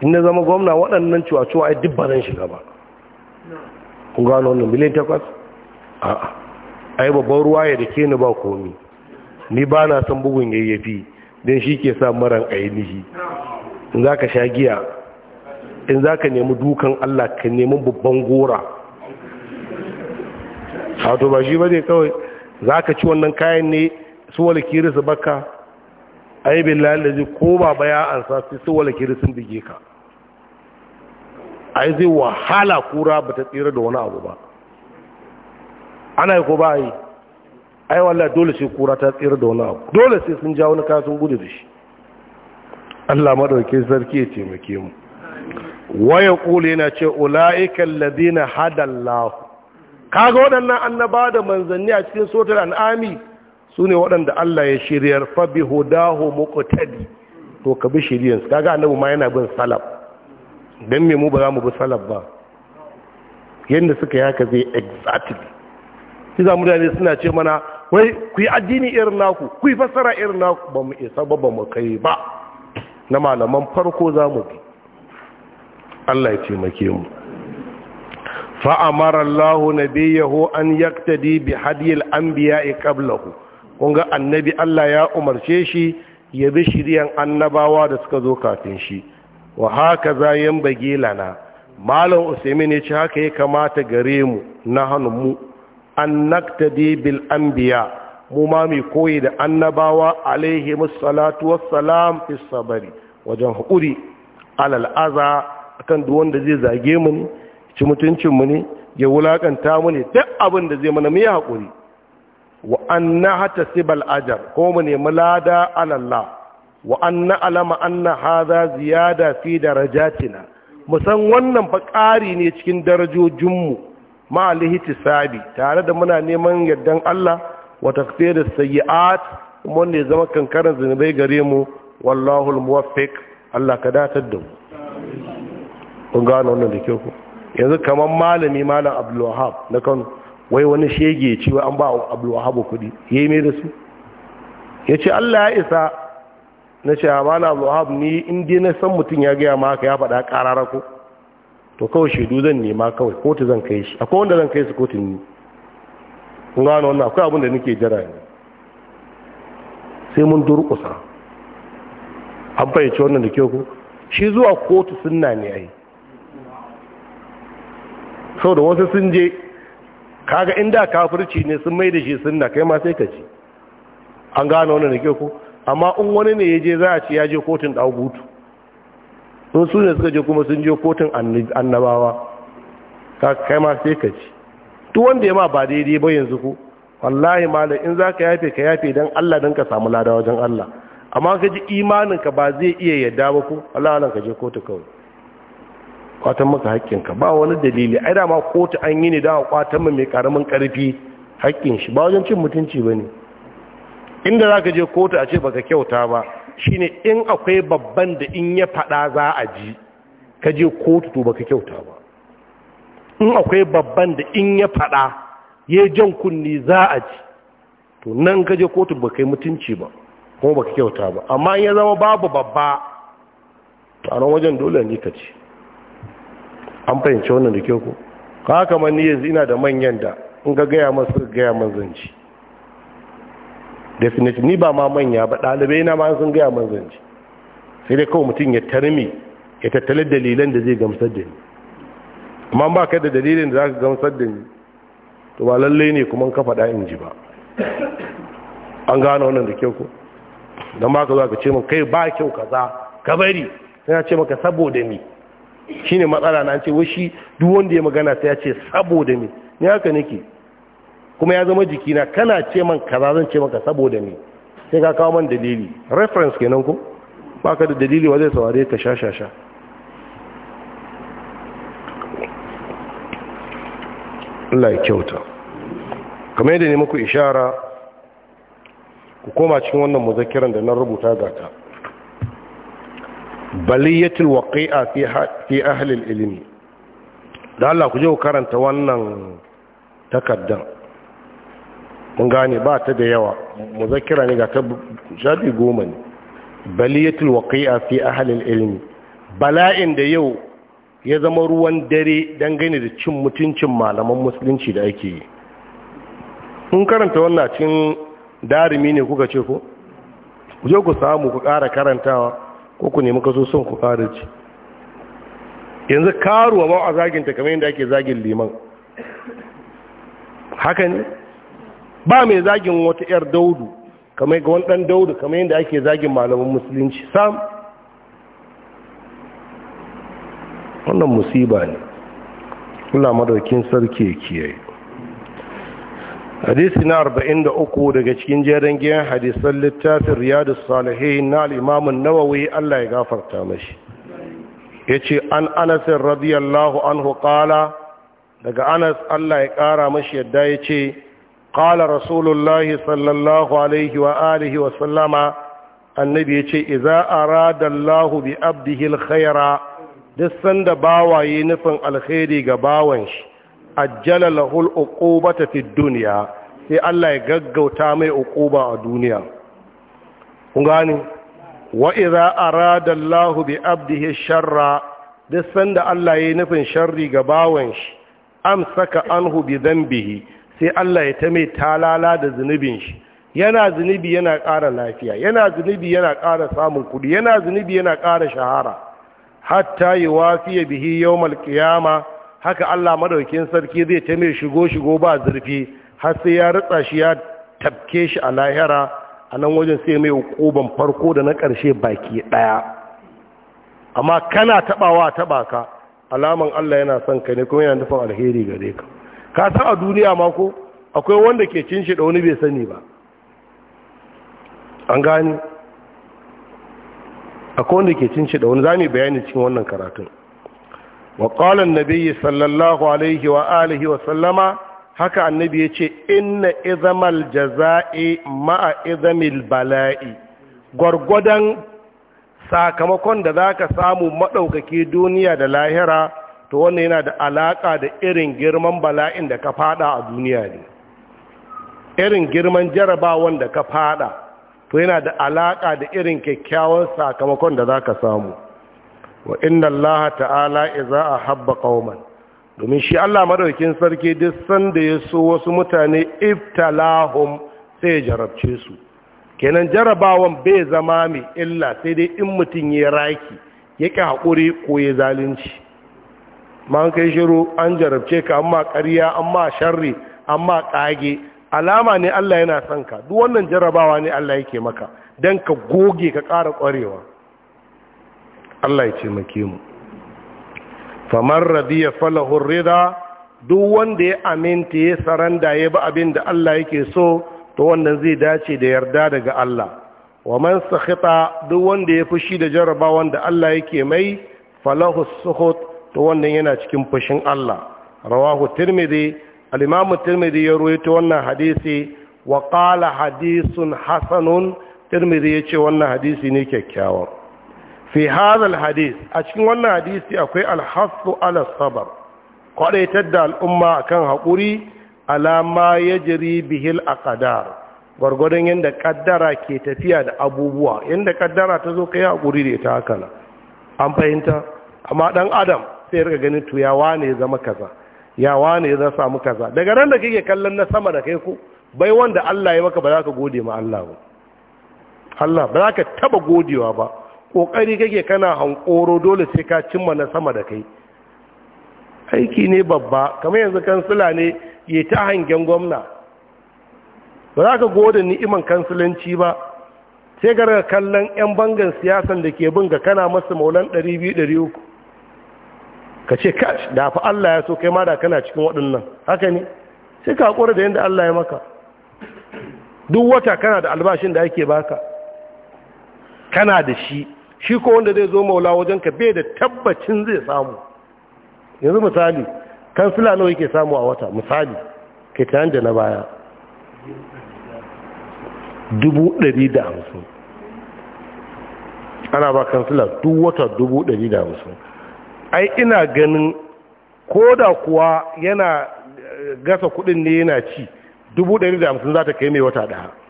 in na zama gwamna waɗannan cuwa-cuwa ya duk ba zan shiga ba kun gano wannan miliyan takwas a'a yi babban ruwa ya da ke ni ba komi ni ba na son bugun yayyafi don shi ke sa maran ainihi in za ka sha giya in za ka nemi dukan allah ka nemi babban gora a to ba shi ba ne kawai za ka ci wannan kayan ne su kirisa kiri su baka ai billahi lazi ko ba baya an sa su kirisun kiri sun bige ka ai zai wahala kura ba ta tsira da wani abu ba ana yi ko ba yi ai wallah dole sai kura ta tsira da wani abu dole sai sun ja wani kasan gudu da shi Allah madaukakin sarki ya taimake mu waya kula yana ce ula'ikal ladina hadallahu kaga waɗannan annaba da manzanni a cikin sotar al'ami su ne waɗanda Allah ya shiryar fabi hudahu muqtadi to ka bi shiryansu kaga annabi ma yana bin salaf don me mu ba za mu bi salaf ba Yadda suka yaka zai exactly shi za mutane suna ce mana wai ku yi addini irin naku ku yi fassara irin naku ba mu isa ba ba mu kai ba na malaman farko za mu bi Allah ya taimake mu fa'amara Allahu yahu an yaktadi bi hadiyil anbiya'i kunga annabi Allah ya umarce shi ya bi shiryan annabawa da suka zo kafin shi wa haka za bage lana malam usaimin ya ci haka ya kamata gare mu na hannunmu an naktadi bil anbiya mu ma mai koyi da annabawa alaihi musallatu wassalam fi sabari wajen haƙuri alal aza akan duk zai zage mu ci mutuncinmu ne ya wulakanta mu ne duk abin da zai mana mu yi haƙuri wa anna hata sibal ajar ko mu nemi lada alallah wa anna alama anna hadha ziyada fi darajatina mu san wannan fa ƙari ne cikin darajojinmu ma sabi tare da muna neman yardan Allah wa takfir sayyi'at kuma ne zama kankaran zunubai gare mu wallahu al-muwaffiq Allah ka datar da mu kun gano wannan da kyau ku yanzu kamar malami malam abdulwahab na kan wai wani shege ce wai an ba abdulwahab kuɗi ya yi mai da su ya ce allah ya isa na ce a malam abdulwahab ni inda na san mutum ya gaya ma ya faɗa ƙarara ko to kawai shaidu zan nema kawai kotu zan kai shi akwai wanda zan kai su kotun ni kun gano wannan akwai abin da nake jira ne sai mun durƙusa an fahimci wannan da kyau ko shi zuwa kotu sunna ne ai sau da wasu sun je kaga inda kafirci ne sun mai da shi sunna kai ma sai ka ci an gane wani da ke ku amma in wani ne ya je za a ci ya je kotun ɗagutu sun su ne suka je kuma sun je kotun annabawa kai ma sai ka ci tu wanda ya ma ba daidai ba yanzu ku wallahi malam in za ka yafe ka yafe don allah don ka samu lada wajen allah amma ka ji imaninka ba zai iya yadda ba ku allah ka je kotu kawai kwatan maka haƙƙinka ba wani dalili ai dama kotu an yi ne da kwatan mai karamin karfi haƙƙin shi ba wajen cin mutunci ba ne inda za je kotu a ce baka kyauta ba shine in akwai babban da in ya faɗa za a ji ka je kotu to baka kyauta ba in akwai babban da in ya faɗa ya jan kunni za a ji to nan ka je kotu baka yi mutunci ba kuma baka kyauta ba amma in ya zama babu babba to a wajen dole ne ka ce an fahimci wannan da kyau ku ka kamar ni yanzu ina da manyan da in ga gaya masu gaya man zanci definitely ni ba ma manya ba ɗalibai na ma sun gaya man zanci sai dai kawai mutum ya tarmi ya tattali dalilan da zai gamsar da ni amma ba ka da dalilin da za ka gamsar da ni to ba lallai ne kuma ka faɗa in ji ba an gano wannan da kyau ko don ba ka zo ka ce min kai ba kyau kaza ka bari sai ya ce maka saboda ni Shi ne matsala na an ce washi duk wanda ya magana sai ya ce saboda me ni haka nake kuma ya zama jikina kana ce man kaza zan ce maka saboda me sai ka kawo man dalili reference kenan ko baka da dalili wa zai saware ka sha sha sha Allah ya kyauta kamar yadda ne muku ishara ku koma cikin wannan muzakiran da na rubuta gata baliyatul waqi'a fi ahli ilimi da Allah ku je ku karanta wannan takaddan mun gane ba ta da yawa muzakkira ne ga ta shafi goma ne baliyatul waqi'a fi ahli ilimi bala'in da yau ya zama ruwan dare dangane da cin mutuncin malaman musulunci da ake yi Mun karanta wannan cin darimi ne kuka ce ko ku je ku samu ku ƙara karantawa ko ku nemi son ku fara ci yanzu karuwa ba a zaginta kamar yadda ake zagin liman haka ne ba mai zagin wata 'yar daudu kamar ga wani dan daudu kamar yadda ake zagin malaman musulunci sam wannan musiba ne kula madaukin sarki ya kiyaye hadisi na arba'in da uku daga cikin jerin giyan hadisan littafin riyadu salihai na al'imamun nawawi Allah ya gafarta mashi ya ce an anasin radiyallahu an hukala daga anas Allah ya ƙara mashi yadda ya ce ƙala rasulullahi sallallahu alaihi wa alihi wa sallama annabi ya ce iza radallahu bi abdihil khaira duk sanda bawaye nufin alkhairi ga bawan shi ajjala lahul uqubata fid duniya sai Allah ya gaggauta mai uquba a duniya kun gane wa idza arada Allahu bi abdihi sharra duk sanda Allah yayi nufin sharri ga bawan shi amsaka anhu bi dhanbihi sai Allah ya ta mai talala da zunubin shi yana zunubi yana ƙara lafiya yana zunubi yana ƙara samun kudi yana zunubi yana ƙara shahara hatta yuwafiya bihi yawmal qiyamah haka Allah madaukin sarki zai ta mai shigo shigo ba zurfi har sai ya ritsa shi ya tafke shi a lahira a nan wajen sai mai hukuban farko da na ƙarshe baki ɗaya amma kana taɓawa taɓa ka alaman Allah yana son ka ne kuma yana nufin alheri gare ka ka san a duniya ma ko akwai wanda ke cin shi da wani bai sani ba an gani akwai wanda ke cin shi da wani za mu bayani cikin wannan karatun وقال النبي صلى الله عليه وسلم هكا النبي haka annabi yace inna izamal البلاء ma'a bala'i gwargwadon sakamakon da zaka samu maɗaukaki duniya da lahira to wannan yana da alaka da irin girman bala'in da ka fada a duniya ne irin girman jarabawan da ka fada to yana da alaƙa da irin kyakkyawan sakamakon da zaka samu wa inna Allah ta'ala idza ahabba qauman domin shi Allah madaukin sarki duk sanda ya so wasu mutane iftalahum sai ya jarabce su kenan jarabawan bai zama mai illa sai dai in mutum ya raki ya ƙi haƙuri ko ya zalunci man kai shiru an jarabce ka amma ƙarya amma sharri amma ƙage alama ne Allah yana son ka duk wannan jarabawa ne Allah yake maka don ka goge ka ƙara ƙwarewa Allah ya ce make mu famar radiya falahur rida duk wanda ya aminta ya saranda ya bi abin da Allah yake so to wannan zai dace da yarda daga Allah wa man sakhita duk wanda ya fushi da jaraba wanda Allah yake mai falahu sukhut to wannan yana cikin fushin Allah rawahu tirmidhi al-imam tirmidhi ya ruwaito wannan hadisi wa qala hadithun hasanun tirmidhi yace wannan hadisi ne kyakkyawar. fi hadal hadis a cikin wannan hadisi akwai alhasu ala sabar kwadaitar da al'umma akan haƙuri alama ya jiri bihil a ƙadar gwargwadon yadda ƙaddara ke tafiya da abubuwa yadda ƙaddara ta zo ka yi haƙuri da ita na an fahimta amma ɗan adam sai rika ganin to yawa ya zama kaza ya wane za samu kaza daga ran da kake kallon na sama da kai ko bai wanda Allah ya maka ba za ka gode ma Allah ba Allah ba za ka taba godewa ba ƙoƙari kake kana hankoro dole sai ka cimma na sama da kai aiki ne babba kamar yanzu kansila ne ya ta hangen gwamna ba za ka goda ni'iman kansilanci ba sai ga kallon 'yan bangan siyasan da ke bin ga kana masu maulan 200-300 ka ce kash da fi Allah ya so kai ma da kana cikin waɗannan haka ne sai ka haƙura da yadda Allah ya maka duk wata kana da albashin da ake baka kana da shi shi ko wanda zai zo maula wajen ka bai da tabbacin zai samu yanzu misali kansila nawa yake samu a wata misali ke tayan da na baya dubu da hamsin ana ba kansila duk wata dubu da hamsin ai ina ganin ko da kuwa yana gasa kudin ne yana ci dubu da hamsin za ta kai mai wata ɗaya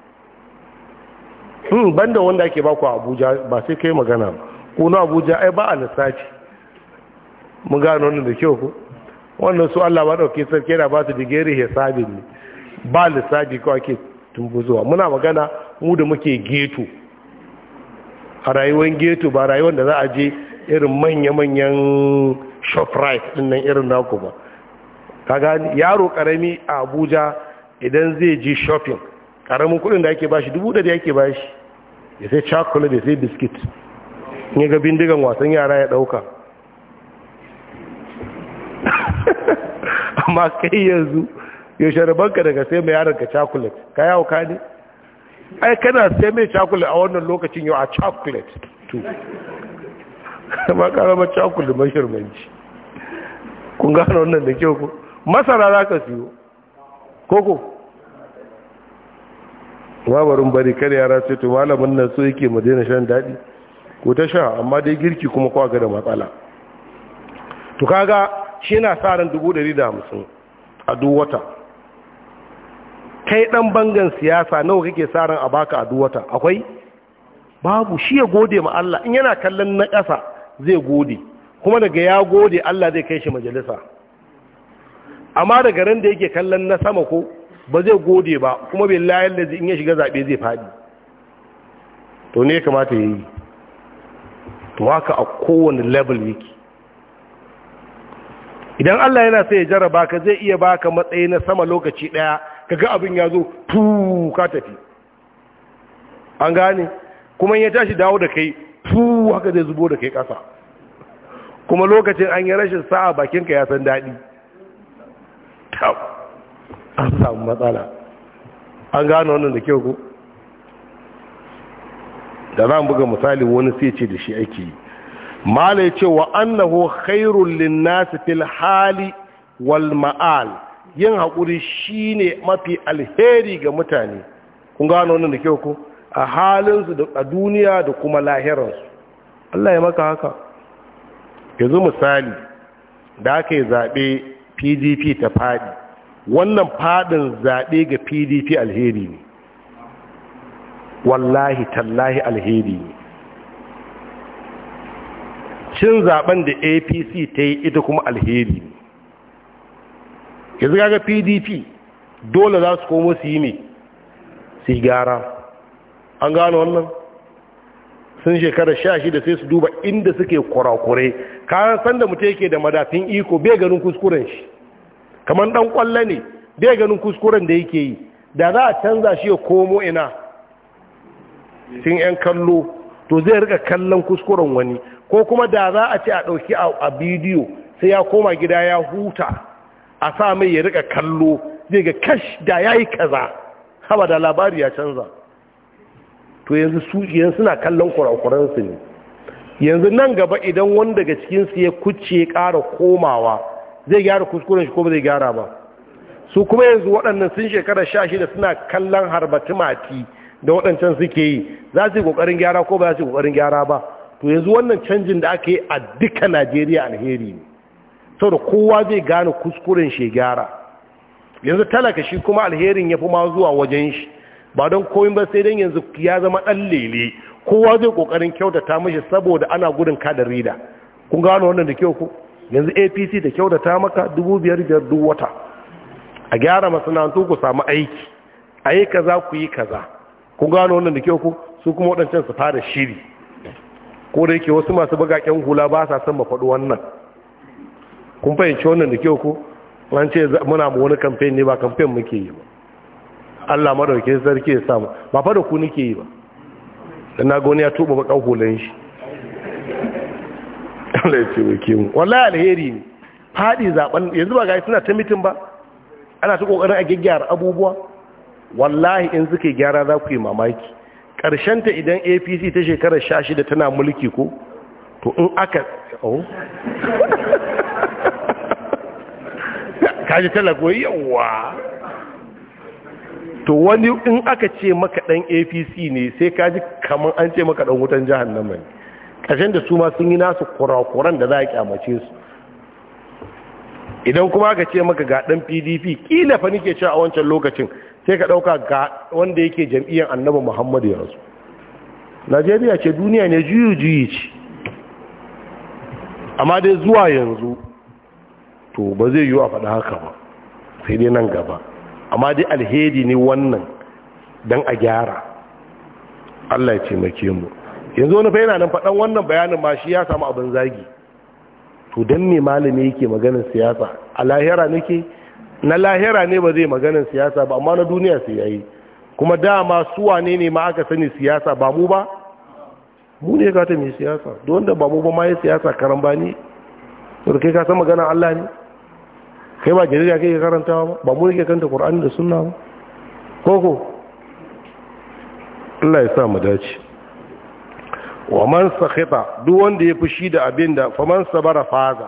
hmm banda wanda ake baku a abuja ba sai kai magana ko na abuja ai ba a lissafi mun gane wannan da kyau ko wannan su allah ba ɗauki sarki yana ba su digiri hesabin ne ba lissafi ko ake tumbuzuwa muna magana mu da muke geto a rayuwar geto ba rayuwar da za a je irin manya-manyan shoprite ɗin nan irin naku ba kaga yaro karami a abuja idan zai ji shopping karamin kudin da ake bashi dubu da ake bashi ya sai chocolate ya sai biskit in ya ga bindigan wasan yara ya ɗauka amma kai yanzu ya sharabanka daga sai mai yaranka chocolate ka yawo ka ne ai kana sai mai chocolate a wannan lokacin yau a chocolate tu ma karama chocolate mashirmanci kun gano wannan da kyau ku masara za ka siyo koko babarin bari kar yara ce to malamin nan so yake mu daina shan daɗi ko ta sha amma dai girki kuma kwa ga da matsala to kaga shi na sa ran hamsin a duk wata kai dan bangan siyasa nawa kake sa ran a baka a duk wata akwai babu shi ya gode ma Allah in yana kallon na ƙasa zai gode kuma daga ya gode Allah zai kai shi majalisa amma daga ran da yake kallon na sama ko ba zai gode ba kuma bai layar da in ya shiga zaɓe zai faɗi to ne kamata ya yi to haka a kowane level yake idan Allah yana sai ya jaraba ka zai iya baka matsayi na sama lokaci ɗaya ka ga abin ya zo tuu ka tafi an gane kuma ya tashi dawo da kai tuu haka zai zubo da kai ƙasa kuma lokacin an yi rashin sa'a bakinka ya san daɗi an samu matsala an gano wannan da kyau ku da za mu buga misali wani sai ce da shi ake yi mala ya ce wa annahu khairul linnasi fil hali wal ma'al yin haƙuri shine mafi alheri ga mutane kun gano wannan da kyau ku a halinsu a duniya da kuma lahirarsu Allah ya maka haka yanzu misali da aka yi zaɓe pdp ta faɗi wannan fadin zaɓe ga pdp alheri ne wallahi tallahi alheri ne cin zaɓen da apc ta yi ita kuma alheri ne ya zaga ga pdp dole za su komo su yi ne su gara gyara an gano wannan sun shekara sha shida sai su duba inda suke kurakure kayan sanda mutu yake da madafin iko bai ganin kuskuren shi kamar dan kwallo ne bai ganin kuskuren da yake yi da za a canza shi ya komo ina sun yan kallo to zai rika kallon kuskuren wani ko kuma da za a ce a ɗauki a bidiyo sai ya koma gida ya huta a sa mai ya rika kallo zai ga kash da ya yi kaza haba da labari ya canza to yanzu su suna kallon kurakuransu ne yanzu nan gaba idan wanda daga cikinsu ya kuce ya ƙara komawa zai gyara kuskuren shi ko ba zai gyara ba su kuma yanzu waɗannan sun shekara sha shida suna kallon harbati mati da waɗancan suke yi za su yi ƙoƙarin gyara ko ba za su yi ƙoƙarin gyara ba to yanzu wannan canjin da aka yi a duka najeriya alheri ne saboda kowa zai gane kuskuren shi gyara yanzu talaka shi kuma alherin ya fi ma zuwa wajen shi ba don koyin ba sai don yanzu ya zama ɗan lele kowa zai ƙoƙarin kyautata mashi saboda ana gudun kada rida kun gano wannan da kyau ko. yanzu apc da kyau da ta maka dubu biyar biyar duk wata a gyara masana'antu ku samu aiki a yi kaza ku yi kaza ku gano wannan da kyau ku su kuma waɗancan su fara shiri ko da yake wasu masu bagaƙen hula ba sa son mafaɗu wannan kun fahimci wannan da kyau ku an ce muna mu wani kamfen ne ba kamfen muke yi ba Allah madauke sarki ya samu ba fa da ku nake yi ba dan na ya tuba bakan hulan shi Allah ya taimake mu wallahi alheri ne fadi zaben yanzu ba ga suna ta mitin ba ana ta kokarin a gyaggyara abubuwa wallahi in suka gyara za ku yi mamaki karshen ta idan APC ta shekarar 16 tana mulki ko to in aka oh kaji talago yawa to wani in aka ce maka dan APC ne sai kaji kaman an ce maka dan wutan jahannama ne kashin da su ma sun yi nasu kurakuran da za a kyamace su idan kuma ka ce maka ga ɗan pdp kila fa nike cewa a wancan lokacin sai ka ɗauka ga wanda yake jam'iyyar annabi muhammadu ya rasu najeriya ce duniya ne juyi-juyi ce amma dai zuwa yanzu to ba zai yiwu a faɗa haka ba sai dai nan gaba amma dai alheri ne wannan don a gyara allah ya ce mu yanzu wani fa yana nan faɗan wannan bayanin ma shi ya samu abin zagi to don ne malami yake maganin siyasa a lahira nake na lahira ne ba zai maganin siyasa ba amma na duniya sai yayi kuma dama suwa ne ne ma aka sani siyasa ba mu ba mu ne ka ta mai siyasa don da ba mu ba ma yi siyasa karan ba ne wadda kai ka san magana Allah ne kai ba jarida kai ka karantawa ba ba mu ne ke kanta ƙur'ani da Sunna ba ko Allah ya sa mu dace wa man sakhita duk wanda ya fushi da abinda fa man sabara faza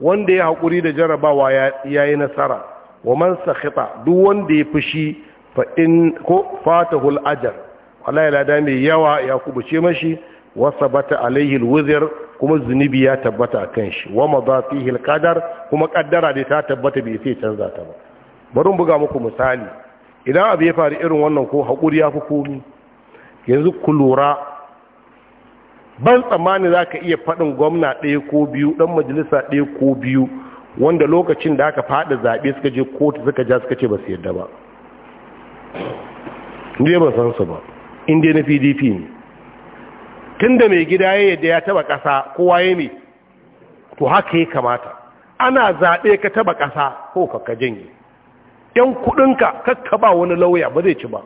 wanda ya hakuri da jarabawa ya nasara wa man sakhita duk wanda ya fushi fa in ko al ajr wallahi lada mai yawa ya kubuce mashi wa sabata alaihi alwuzr kuma zunubi ya tabbata kan shi wa madafihi qadar kuma kaddara da ta tabbata bai sai canza ta ba bari mu buga muku misali idan abu ya faru irin wannan ko hakuri ya fi komi yanzu ku lura ban tsammani za ka iya faɗin gwamna ɗaya ko biyu ɗan majalisa ɗaya ko biyu wanda lokacin da aka faɗi zaɓe suka je kotu suka ja suka ce ba su yadda ba inda ba san su ba inda na pdp ne tun da mai gida ya yadda ya taba ƙasa kowa ya ne to haka ya kamata ana zaɓe ka taba ƙasa ko ka janye yan kuɗinka kakka ba wani lauya ba zai ci ba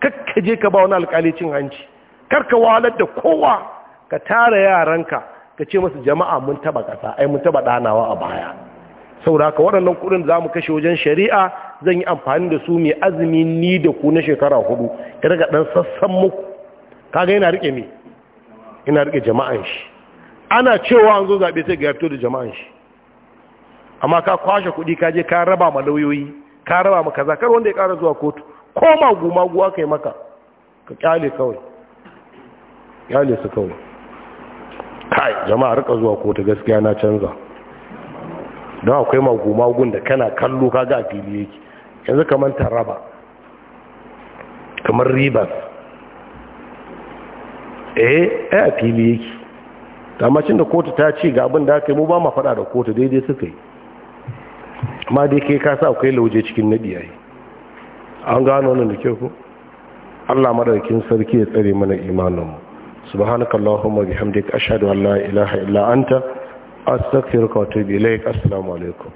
kakka je ka ba wani alƙali cin hanci karka walar da kowa ka tara yaranka ka ce masu jama'a mun taba kasa ai mun taba danawa a baya saboda ka waɗannan kuɗin za mu kashe wajen shari'a zan yi amfani da su mai azumi ni da ku na shekara hudu ya daga ɗan sassan muku kaga yana rike me ina rike jama'an shi ana cewa an zo zaɓe sai ga ya da jama'an shi amma ka kwashe kuɗi ka je ka raba ma lauyoyi ka raba ma kaza kar wanda ya ƙara zuwa kotu ko magu magu aka yi maka ka kyale kawai kyale su kawai kai jama'a rika zuwa kotu gaskiya na canza don akwai magumagun da kana kallo kaga a fili yake yanzu kamar taraba kamar ribas eh eh a fili yake damacin da kotu ta ce ga abin da aka yi mu ba ma fada da kotu daidai suka yi amma dai kai kasa akwai lauje cikin naɗi yayi an gano nan da kyau ko Allah madaukin sarki ya tsare mana imaninmu subhanakallahumma bihamdik ashhadu Ashadu la ilaha illa anta astaghfiruka wa atubu ilaik assalamu alaikum